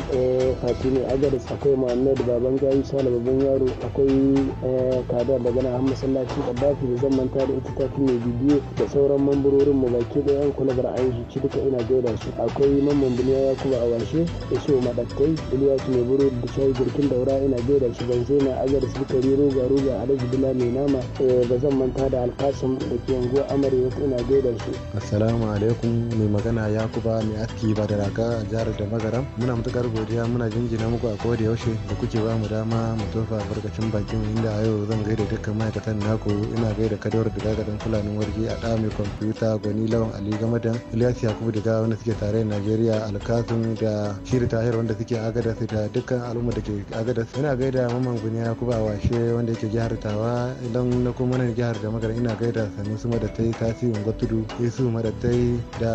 fatimi eh, agadas akwai muhammad baban gari sale babban yaro akwai eh, kada daga na masallaci kaddafi da zan manta da ita tafi mai bidiyo da sauran mambarorin mu baki ɗaya yan kula da ra'ayin jiki duka ina gaida su akwai mamman biliya ya kuma a washe da shi wa madakai iliyasu mai buru da shayi girkin daura ina gaida shi ban zai na agadas bukari rogo ruga ruga daji dila mai nama eh, ba zan manta da alkasim da ke yanguwa amarewa ina gaida shi assalamu alaikum mai magana ya yakuba mai aski ba da raka jihar da magaram muna matukar godiya muna jinjina muku a da yaushe da kuke ba mu dama mu tofa barkacin bakin inda a yau zan gaida dukkan ma'aikatan naku ina gaida kadawar da gagadan fulanin wargi a ɗa mai kwamfuta gwani lawan ali gamadan ilyas yakubu da wanda suke tare najeriya alkasim da shiri tahir wanda suke agadas da dukkan al'umma da ke agadas ina gaida maman guniya kuba washe wanda yake jihar tawa idan na kuma nan jihar da magana ina gaida sanu su madattai tasi unguwa tudu yesu madattai da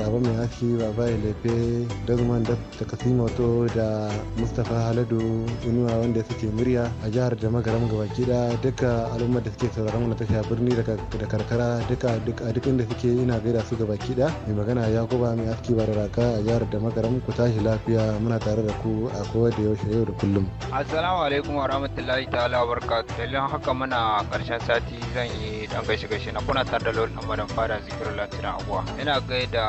raba mai haske baba lefe dozman da takasimoto da mustapha haladu inuwa wanda suke murya a jihar da ga baki da, duka al'ummar da suke sauraron na tasha birni da karkara duka a duk inda suke ina gaida su baki da, mai magana yakuba mai aski ba da raka a jihar da magaram ku tashi lafiya muna tare da ku a kowa da yaushe yau da kullum assalamu alaikum wa rahmatullahi ta'ala wa barakatu dalilin haka mana karshen sati zan yi dan gaishe gaishe na kuna tare da lord madan fada zikir latin abuwa ina gaida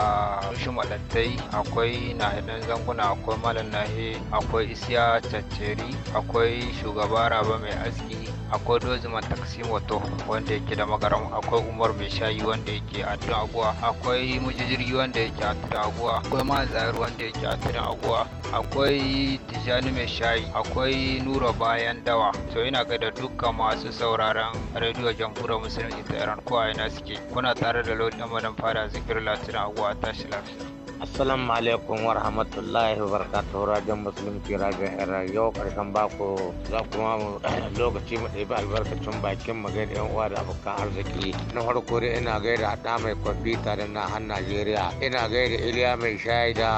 rushe malattai akwai na idan zanguna akwai malam nahi akwai isiya cacceri akwai shugaba raba mai aski akwai dozima taxi moto wanda yake da magaram akwai umar mai shayi wanda yake a tudun aguwa akwai mujijirgi wanda yake a tudun aguwa akwai mazayar wanda yake a tudun aguwa akwai tijani mai shayi akwai nura bayan dawa to ina ga da dukkan masu sauraron radio jamhuriyar musulunci ta iran kowa ina suke kuna tare da lord amadan fara zikir latin aguwa tashi lafiya Assalamu alaikum wa rahmatullahi wa barakatuhu rajin musulunci rajin iran yau karshen bako za kuma mu (coughs) lokaci mu ɗaya albarkacin bakin mu gaida yan uwa da abokan arziki na farko dai ina gaida hada mai kwamfuta da na han Najeriya ina gaida Iliya mai shayi da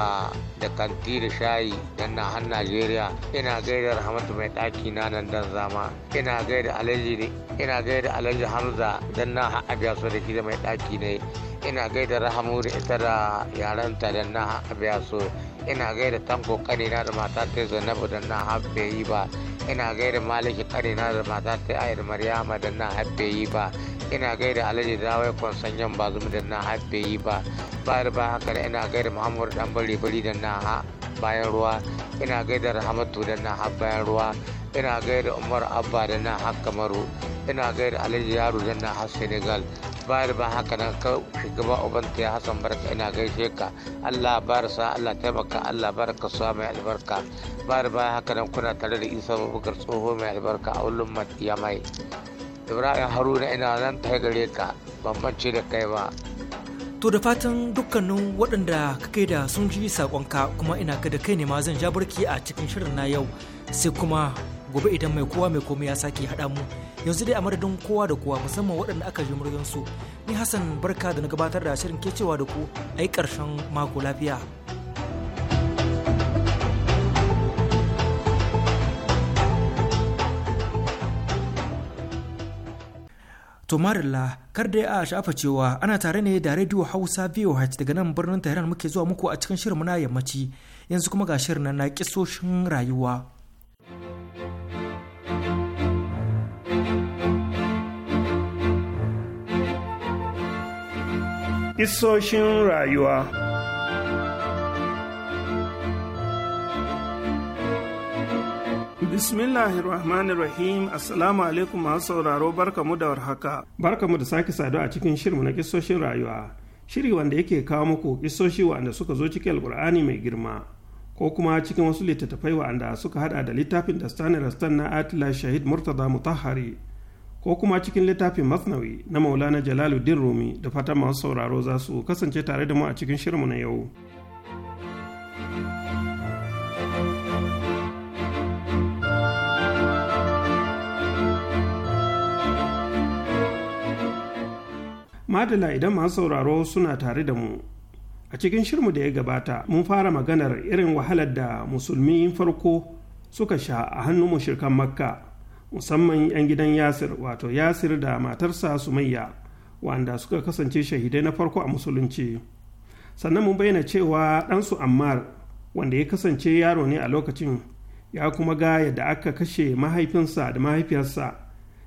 da kanti da shayi da na han Najeriya ina gaida Rahmatu mai ɗaki na nan dan zama ina gaida Alhaji ina gaida Alhaji Hamza dan na ha su da shi da mai ɗaki ne ina gaida rahamu da ita da yaran ta da na biya so ina gaida tanko na da mata ta zainabu da na haɓe yi ba ina gaida maliki na da mata ta ayar maryama da na haɓe yi ba ina gaida alhaji dawai konsanyan bazum da na haɓe yi ba bayar ba haka ina gaida muhammadu dan bari bari da na bayan ruwa ina gaida rahamatu da na har bayan ruwa ina gaida umar abba da na har kamaru ina gaida alaji yaro da na har senegal bari ba haka nan ka shugaba ubanta ya hasan barka ina gaishe ka allah barsa allah taimaka allah barka suwa mai albarka bari ba haka nan kuna tare da isa bukar tsoho mai albarka a wulin matiya mai ibrahim haruna ina nan ta gare ka bambance da kai ba to da fatan dukkanin waɗanda ka kai da sun ji saƙonka kuma ina ga da kai ne ma zan ja barki a cikin shirin na yau sai kuma gobe idan mai kowa mai komai ya sake haɗa mu yanzu dai a madadin kowa da kowa musamman waɗanda aka ji muryansu ni hassan barka da na gabatar da shirin ke cewa da ku a yi ƙarshen mako lafiya To Marilla, kar da a shafa cewa ana tare ne da Radio Hausa VOH daga nan birnin Tehran muke zuwa muku a cikin shirin na yammaci yanzu kuma ga shirin na kisoshin rayuwa. Isoshin rayuwa. Bismillahirrahmanirrahim Assalamu alaikum masu sauraro barkamu da warhaka. mu da sake sadu a cikin shirmu na kisoshin rayuwa. Shiri wanda yake kawo muku kisoshi wanda suka zo cikin alkur'ani mai girma. Ko kuma cikin wasu littattafai wa'anda suka hada da littafin da Stanley Rastan na Atila Shahid Murtaza Mutahari ko kuma cikin littafin masnawi na maulana jalaluddin rumi da fata masu sauraro za su kasance tare da mu a cikin shirinmu na yau madala idan masu sauraro suna tare da mu a cikin shirmu da ya gabata mun fara maganar irin wahalar da musulmi farko suka sha a hannun mushirkan makka musamman 'yan gidan yasir wato yasir da matarsa sumayya wanda suka kasance shahidai na farko a musulunci sannan mun bayyana cewa ɗansu ammar wanda ya kasance yaro ne a lokacin ya kuma ga yadda aka kashe mahaifinsa da mahaifiyarsa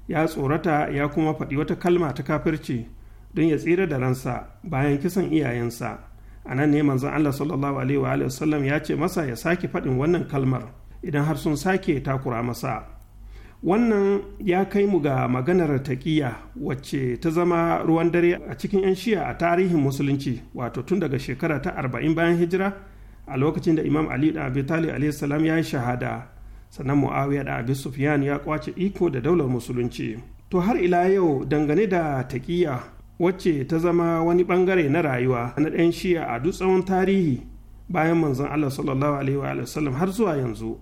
ya tsorata ya kuma faɗi wata kalma ta kafirci don ya tsira da ransa bayan kisan iyayensa a nan ne manzon allah sallallahu alaihi wa sallam ya ce masa ya sake faɗin wannan kalmar idan har sun sake takura masa wannan ya kai mu ga maganar taƙiya wacce ta zama ruwan dare a cikin 'yan shiya a tarihin musulunci wato tun daga shekara ta arba'in bayan hijira a lokacin da imam ali da abi talib alaihi ya yi shahada sannan muawiya da abi sufyan ya kwace iko da daular musulunci to har ila yau dangane da taƙiya wacce ta zama wani bangare na rayuwa na ɗan shiya a duk tsawon tarihi bayan manzon allah sallallahu alaihi wa sallam har zuwa yanzu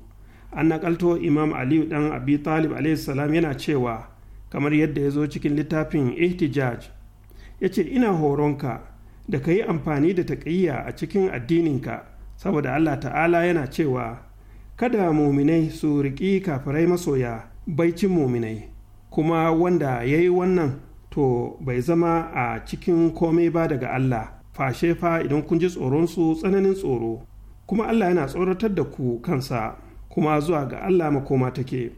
an nakalto imam aliyu dan abi talib salam yana cewa kamar yadda ya zo cikin littafin ihtijaj ya ce ina horonka da ka yi amfani da taƙayya a cikin addininka saboda allah ta'ala yana cewa kada muminai su riƙi kafirai masoya baicin muminai kuma wanda ya yi wannan to bai zama a cikin komai ba daga allah fashe fa idan kun ji tsoronsu tsananin tsoro kuma allah yana tsoratar da ku kansa kuma zuwa ga Allah makoma take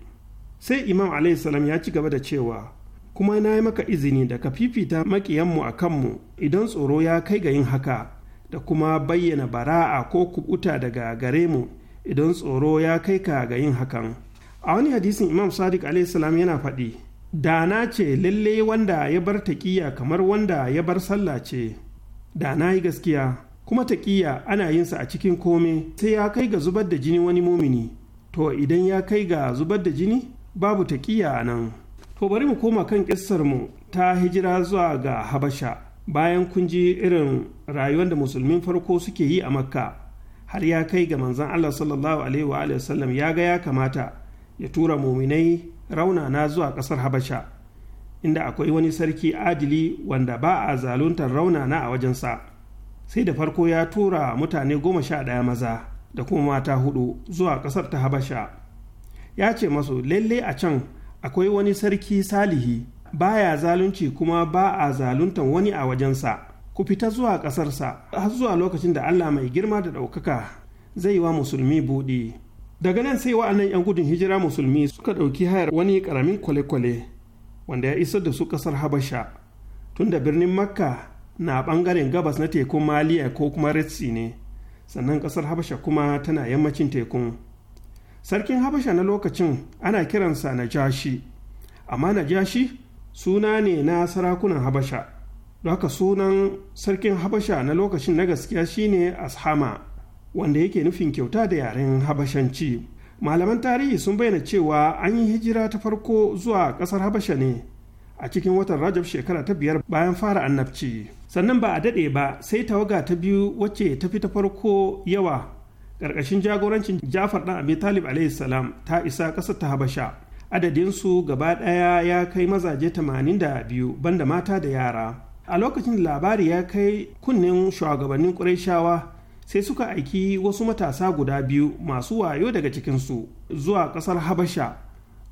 sai imam salam ya ci gaba da cewa kuma na yi maka izini da ka fifita makiyanmu a kanmu idan tsoro ya kai ga yin haka da kuma bayyana bara'a ko kubuta daga gare mu idan tsoro ya kai ka ga yin hakan a wani hadisin imam sadiq salam yana faɗi da na ce lalle wanda ya bar taƙiya kamar wanda ya bar sallah ce da na yi gaskiya kuma taƙiya ana yinsa a cikin komai. sai ya kai ga zubar da jini wani mumini to idan ya kai ga zubar da jini babu taƙiya a nan to bari mu koma kan mu ta hijira zuwa ga habasha bayan kun ji irin rayuwar da musulmin farko suke yi a makka har ya kai ga manzon allah sallallahu alaihi wa sallam ya ga ya kamata ya tura muminai raunana zuwa ƙasar habasha inda akwai wani sarki adili wanda ba a zaluntar raunana a wajensa sai da farko ya tura mutane goma sha ɗaya maza da kuma mata hudu zuwa ƙasar ta habasha ya ce masu lalle a can akwai wani sarki salihi baya zalunci kuma ba a zaluntan wani a wajensa ku fita zuwa ƙasarsa har zuwa lokacin da allah mai girma da ɗaukaka zai yi wa musulmi buɗe daga nan sai wa'annan 'yan gudun hijira musulmi suka ɗauki hayar wani ƙaramin kwale-kwale wanda ya isar da su ƙasar habasha tunda birnin makka na ɓangaren gabas na tekun maliya ko kuma red ne sannan ƙasar habasha kuma tana yammacin tekun sarkin habasha na lokacin ana kiransa na jashi, amma na jashi suna ne na sarakunan habasha don haka sunan sarkin habasha na lokacin na gaskiya shine ashama wanda yake nufin kyauta da yaren habashanci malaman tarihi sun bayyana cewa an yi hijira ta farko zuwa ƙasar habasha ne a cikin watan rajab shekara ta biyar bayan fara annabci sannan ba a daɗe ba sai tawaga ta biyu wacce ta fi ta farko yawa ƙarƙashin jagorancin jafar ɗan abi talib salam ta isa ƙasar ta habasha adadinsu gaba ɗaya ya kai mazaje tamanin da biyu banda mata da yara a lokacin labari ya kai kunnen shugabannin ƙurayshawa sai suka aiki wasu matasa guda biyu masu wayo daga cikinsu zuwa ƙasar habasha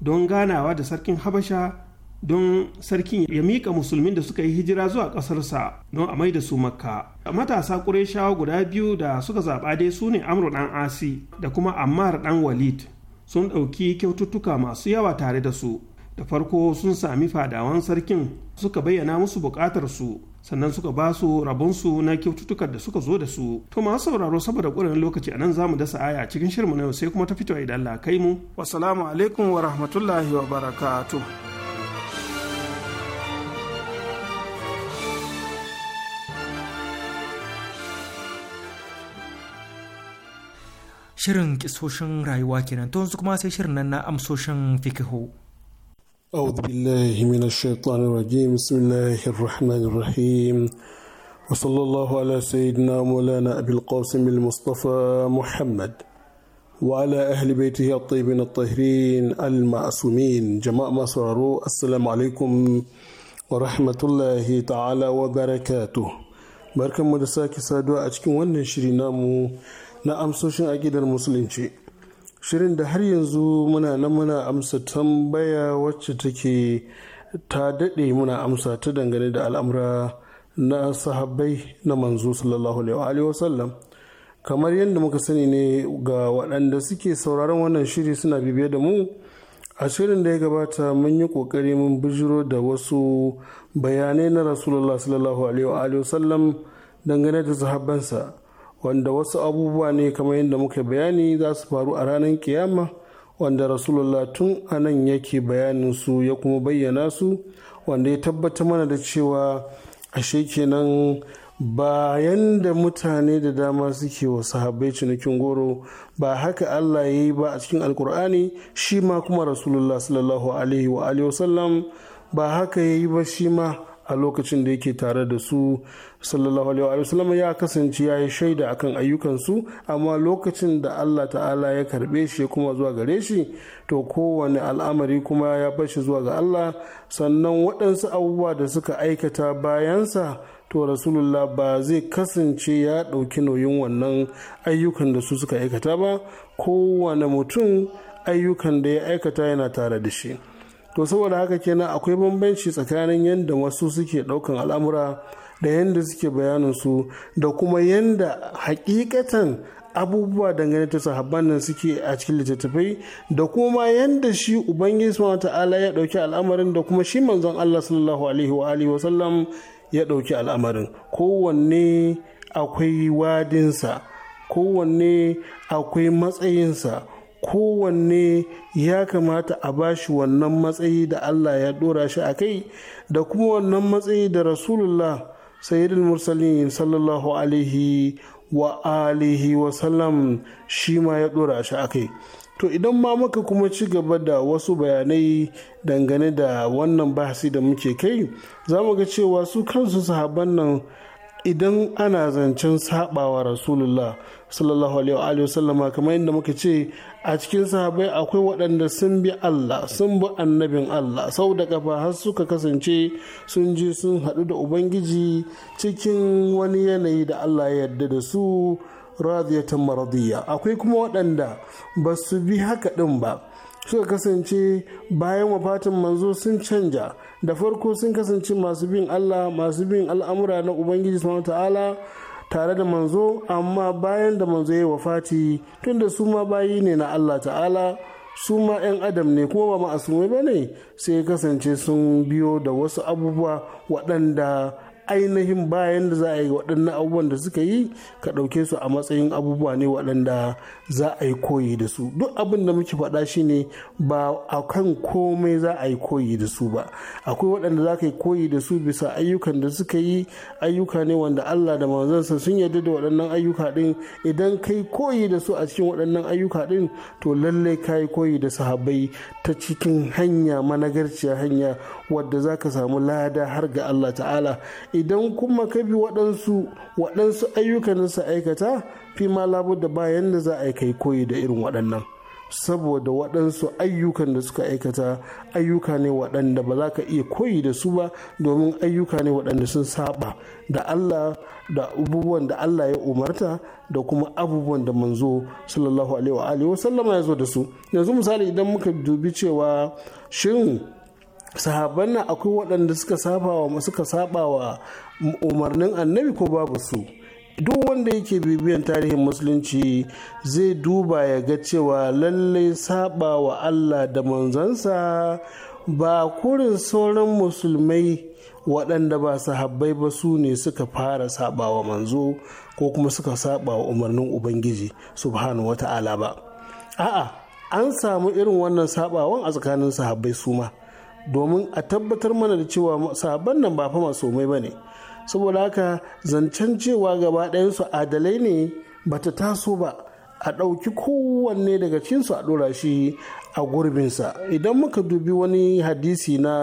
don ganawa da sarkin habasha don sarkin ya miƙa musulmin da suka yi hijira zuwa ƙasarsa don a mai da su makka matasa ƙureshawa guda biyu da suka zaɓa dai su ne amru ɗan asi da kuma ammar ɗan walid sun ɗauki kyaututtuka masu yawa tare da su da farko sun sami fadawan sarkin suka bayyana musu buƙatar su sannan suka ba su rabonsu na kyaututtukar da suka zo da su to masu sauraro saboda ƙuran lokaci anan nan za mu dasa aya cikin shirmu na yau sai kuma ta fito idan la kai mu wasalamu alaikum wa rahmatullahi wa barakatuh shirin kisoshin rayuwa kenan to yanzu kuma sai shirin nan na amsoshin fikihu أعوذ بالله من الشيطان الرجيم بسم الله الرحمن الرحيم وصلى الله على سيدنا مولانا أبي القاسم المصطفى محمد وعلى أهل بيته الطيبين الطاهرين المعصومين جماعة مسرارو السلام عليكم ورحمة الله تعالى وبركاته بركة مدساك سادوا أتكي ونشري نامو na amsoshin aƙidar musulunci shirin da har yanzu muna nan muna amsa tambaya wacce take ta daɗe muna amsa ta dangane da al'amura na sahabbai na manzo sallallahu alaihi wa kamar yadda muka sani ne ga waɗanda suke sauraron wannan shiri suna bibiye da mu a shirin da ya gabata mun yi ƙoƙari mun bijiro da wasu bayanai na rasulullah sallallahu alaihi wa dangane da sahabbansa wanda wasu abubuwa ne kamar yadda muka bayani za su faru a ranar kiyama wanda rasulullah tun anan yake bayanin su ya kuma bayyana su wanda ya tabbata mana da cewa ashe kenan bayan da mutane da dama suke wa sahabbai cinikin goro ba haka Allah ya yi ba a cikin alkur'ani shi ma kuma rasulullah sallallahu alaihi wa sallam ba haka ya yi ba shi ma a lokacin da yake tare da su sallallahu alaihi wa sallam ya kasance ya yi shaida akan ayyukansu amma lokacin da Allah ta'ala ya karbe shi kuma zuwa gare shi to kowane al'amari kuma ya bashi zuwa ga Allah sannan waɗansu abubuwa da suka aikata bayansa to rasulullah ba zai kasance ya ɗauki nauyin wannan ayyukan da su suka aikata ba kowane mutum ayyukan da ya aikata yana tare da shi to saboda haka kenan akwai bambanci tsakanin yadda wasu suke ɗaukan al'amura da yadda suke bayanin su da kuma yadda hakikatan abubuwa dangane ta sahabban nan suke a cikin littattafai da kuma yadda shi ubangiji ta'ala ya dauki al'amarin da kuma shi manzon Allah sallallahu alaihi wa alihi wasallam ya dauki al'amarin kowanne akwai wadinsa kowanne akwai matsayinsa kowanne ya kamata a bashi wannan matsayi da Allah ya dora shi a kai da kuma wannan matsayi da rasulullah sayyidul mursalin sallallahu alaihi wa alihi wa sallam shi ma ya dora shi a kai to idan ma muka kuma ci gaba da wasu bayanai dangane da wannan bahasi da muke kai za mu ga cewa su kansu sahaban nan idan ana zancen sabawa rasulullah sallallahu alaihi wa sallama kamar yadda muka ce a cikin sahabai akwai waɗanda sun bi Allah sun bi annabin Allah sau da kafa har suka kasance sun je sun haɗu da Ubangiji cikin wani yanayi da Allah ya yarda da su radiyatan maradiyya akwai kuma waɗanda ba su bi haka ɗin ba suka kasance bayan wafatin manzo sun canja da farko sun kasance masu bin Allah masu bin al'amura na Ubangiji ta'ala tare da manzo amma bayan da manzo ya yi wafati tunda su ma bayi ne na Allah ta'ala su ma 'yan adam ne kuma ba ma'asumai ba ne sai kasance sun biyo da wasu abubuwa waɗanda ainihin bayan da za a yi waɗannan abubuwan da suka yi ka ɗauke su a matsayin abubuwa ne waɗanda za a yi koyi da su duk abin da muke faɗa shi ne, ba a kan komai za a yi koyi da su ba akwai waɗanda za ka yi koyi da su bisa ayyukan da suka yi ayyuka ne wanda allah da manzansa sun yarda da waɗannan ayyuka ɗin idan ka yi koyi da su a cikin waɗannan ayyuka ɗin to lallai ka yi koyi da sahabbai ta cikin hanya managarciya hanya wadda za ka samu lada har ga allah ta'ala idan kuma ka bi waɗansu waɗansu ayyukan sa aikata fi ma da bayan da za a kai koyi da irin waɗannan saboda waɗansu ayyukan da suka aikata ayyuka ne waɗanda ba za ka iya koyi da su ba domin ayyuka ne waɗanda sun saba da Allah da abubuwan da Allah ya umarta da kuma abubuwan da manzo sallallahu alaihi wa sallama ya zo da su yanzu misali idan muka dubi cewa shin sahabban nan akwai waɗanda suka saba wa suka saba wa umarnin annabi ko babu su duk wanda yake bibiyan tarihin musulunci zai duba ya ga cewa lallai saba wa allah da manzansa ba kurin sauran musulmai waɗanda ba sahabbai ba su ne suka fara saba wa manzo ko kuma suka saba wa umarnin ubangiji subhanahu wata'ala ba a'a an samu irin wannan sabawan a tsakanin sahabbai su ma domin a tabbatar mana da cewa sahabban nan ba fa mai ba ne saboda haka zancen cewa gaba su adalai ne ba ta taso ba a ɗauki kowanne daga cinsu a ɗora shi a gurbinsa idan muka dubi wani hadisi na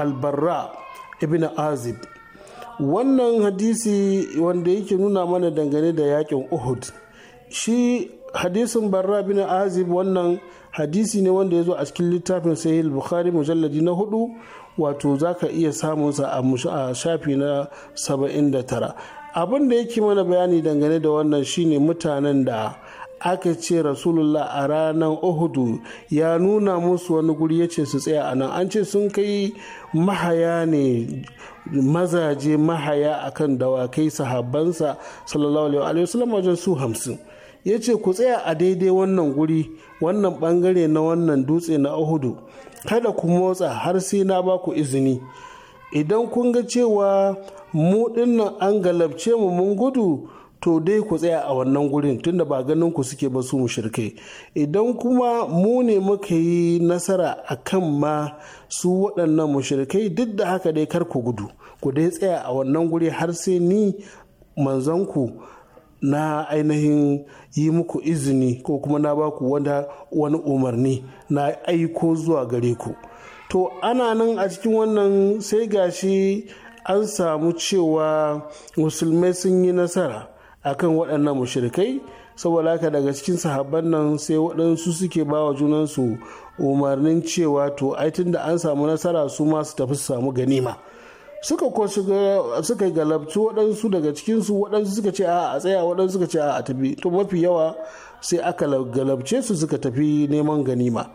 albarra ibn azib wannan hadisi wanda yake nuna mana dangane da yakin uhud shi hadisin barra bin azib wannan hadisi ne wanda ya zo a cikin littafin sai bukhari mujalladi na hudu wato za ka iya samunsa a shafi na saba'in da tara abin da yake mana bayani dangane da wannan shine mutanen da aka ce rasulullah a ranar ohudu ya nuna musu wani guri ya ce su tsaya a nan an ce sun kai mahaya ne mazaje mahaya akan dawakai sahabbansa sallallahu alaihi wasallam wajen su hamsin ya ce ku tsaya a daidai wannan guri wannan bangare na wannan dutse na Uhudu kada ku motsa har sai na ba ku izini idan kun ga cewa mu dinnan an galabce mu mun gudu to dai ku tsaya a wannan gurin tunda ba ganin ku suke ba su mushrikai idan kuma mu ne muka yi nasara a kan ma su waɗannan mushrikai duk da haka dai kar ku gudu ku dai tsaya a wannan guri har sai ni manzanku na ainihin yi muku izini ko kuma na baku wani umarni na aiko zuwa gare ku to ana nan a cikin wannan sai gashi an samu cewa musulmai sun yi nasara akan waɗannan mushrikai saboda haka daga cikin sahabban nan sai waɗansu suke ba wa junansu umarnin cewa to ai tunda an samu nasara su ma su tafi su samu ganima. suka ko suka galabci waɗansu daga cikinsu waɗansu suka ce a tsaya waɗansu suka ce a tafi to mafi yawa sai aka galabce su suka tafi neman ganima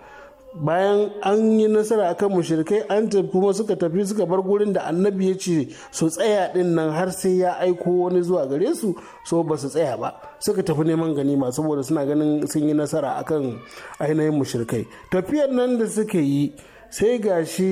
bayan an yi nasara akan mushrikai an tafi kuma suka tafi suka bar gurin da annabi ya ce su tsaya din nan har sai ya aiko wani zuwa gare su so ba su tsaya ba suka tafi neman ganima saboda suna ganin sun yi nasara akan ainihin mushrikai tafiyar nan da suka yi sai ga shi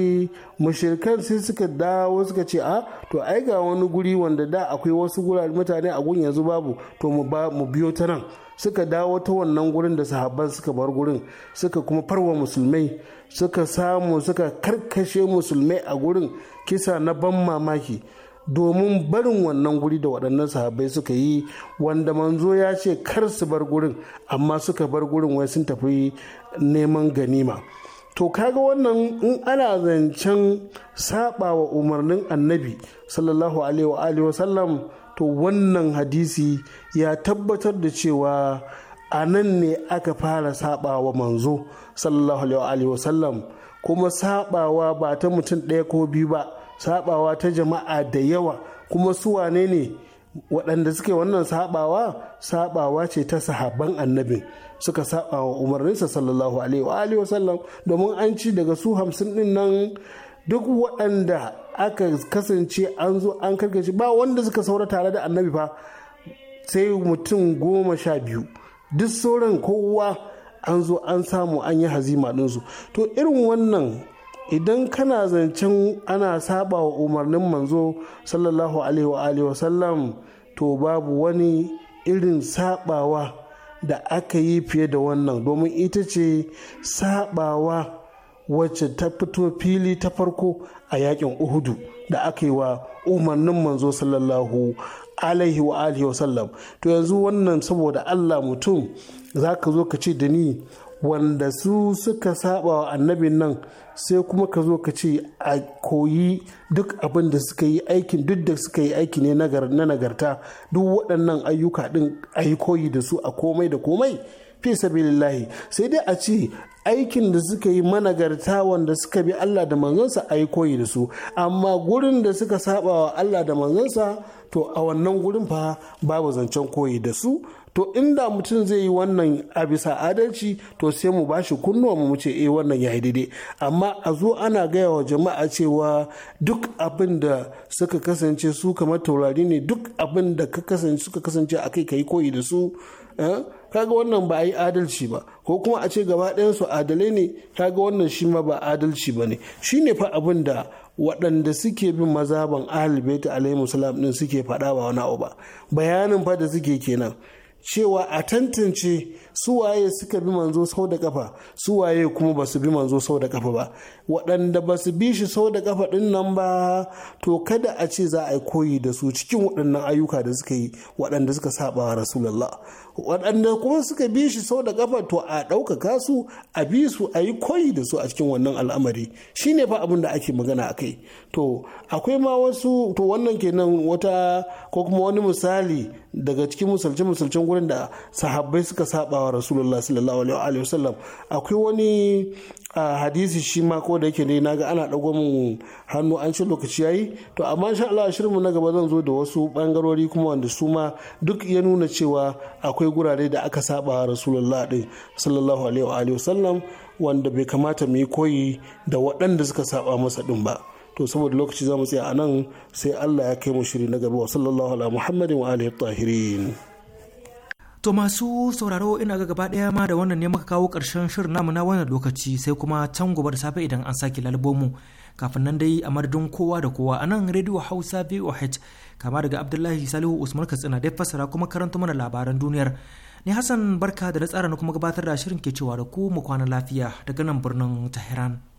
mushirkan sai suka dawo suka ce a ah, to ai ga wani guri wanda da akwai wasu gurare mutane a gun yanzu babu to mu biyo ta nan suka dawo ta wannan gurin da sahabban suka bar gurin suka kuma farwa musulmai suka samu suka karkashe musulmai a gurin kisa na ban mamaki domin barin wannan guri da waɗannan sahabbai suka yi wanda manzo ya ce kar su bar gurin amma suka bar gurin wai sun tafi neman ganima to kaga wannan in ana zancen saba wa umarnin annabi sallallahu alaihi wa sallam to wannan hadisi ya tabbatar da cewa a nan ne aka fara saba wa manzo sallallahu alaihi wa sallam kuma sabawa ba ta mutum ɗaya ko biyu ba sabawa ta jama'a da yawa kuma su wane ne waɗanda suke wannan sabawa sabawa ce ta sahabban annabin suka saba wa umarninsa sallallahu alaihi wa sallam domin an ci daga su hamsin din nan duk waɗanda aka kasance an zo an karkace ba wanda suka saura tare da annabi fa sai mutum goma sha biyu duk sauran kowa an zo an samu an yi hazima ɗinsu to irin wannan idan kana zancen ana saba wa umarnin manzo sallallahu alaihi wa sallam to babu wani irin sabawa da aka yi fiye da wannan domin ita ce sabawa wacce ta fito fili ta farko a yakin uhudu da aka yi wa umarnin manzo sallallahu alaihi wa alihi wa to yanzu wannan saboda allah mutum za ka zo ka ce da ni wanda su suka saba wa annabin nan sai kuma ka zo ka ce a koyi duk abin da suka yi aikin duk da suka yi aiki ne na nagarta duk waɗannan ayyuka ɗin a yi koyi da su a komai da komai fi sabilillahi sai dai a ce aikin da suka yi managarta wanda suka bi Allah da manzansa a yi koyi da su amma gurin da suka saba wa Allah da manzansa to a wannan gurin fa babu zancen koyi da su to inda mutum zai yi wannan a bisa adalci to sai mu bashi kunnuwa mu ce eh wannan ya daidai amma a zo ana gaya wa jama'a cewa duk abin da suka kasance su kamar taurari ne duk abin da suka kasance a kai kai koyi da su eh, kaga wannan ba a yi adalci ba ko kuma a ce gaba su adalai ne kaga wannan shi ma ba adalci ba ne shi ne fa abin da waɗanda suke bin mazaban ahalbaita alaihi musulam ɗin suke faɗa ba wani abu ba bayanin fa da suke kenan cewa a tantance su waye suka bi manzo sau da kafa waye kuma ba su bi manzo sau da kafa ba waɗanda ba su bi shi sau da kafa ɗin nan ba to kada a ce za a yi koyi da su cikin waɗannan ayyuka da suka yi waɗanda suka saba rasulullah waɗanda kuma suka bi shi sau da kafa to a ɗaukaka su a bi su a yi koyi da su a cikin wannan al'amari shi ne fa abin da ake magana a kai to akwai ma wasu to wannan kenan wata ko kuma wani misali daga cikin misalce musulcin gurin da sahabbai suka sabawa wa rasulullah sallallahu alaihi wasallam akwai wani hadisi shi ma ko da yake ne naga ana ɗago min hannu an ci lokaci yayi to amma insha Allah mu na gaba zan zo da wasu bangarori kuma wanda su ma duk ya nuna cewa akwai akwai gurare da aka saba rasulullah din sallallahu alaihi wa sallam wanda bai kamata mu yi koyi da waɗanda suka saba masa din ba to saboda lokaci zamu tsaya a nan sai Allah ya kai mu shiri na gaba wa sallallahu alaihi muhammadin wa alihi tahirin To masu sauraro ina ga gaba ɗaya ma da wannan ne muka kawo karshen shirin namu na wannan lokaci sai kuma can gobe da safe idan an sake lalbomu kafin nan dai a madadin kowa da kowa a nan rediyo Hausa VOH kama daga abdullahi salihu usman katsina da fassara kuma karanta mana labaran duniyar ni hassan barka da na tsara na kuma gabatar da shirin ke cewa da ku mu kwana lafiya daga nan birnin tehran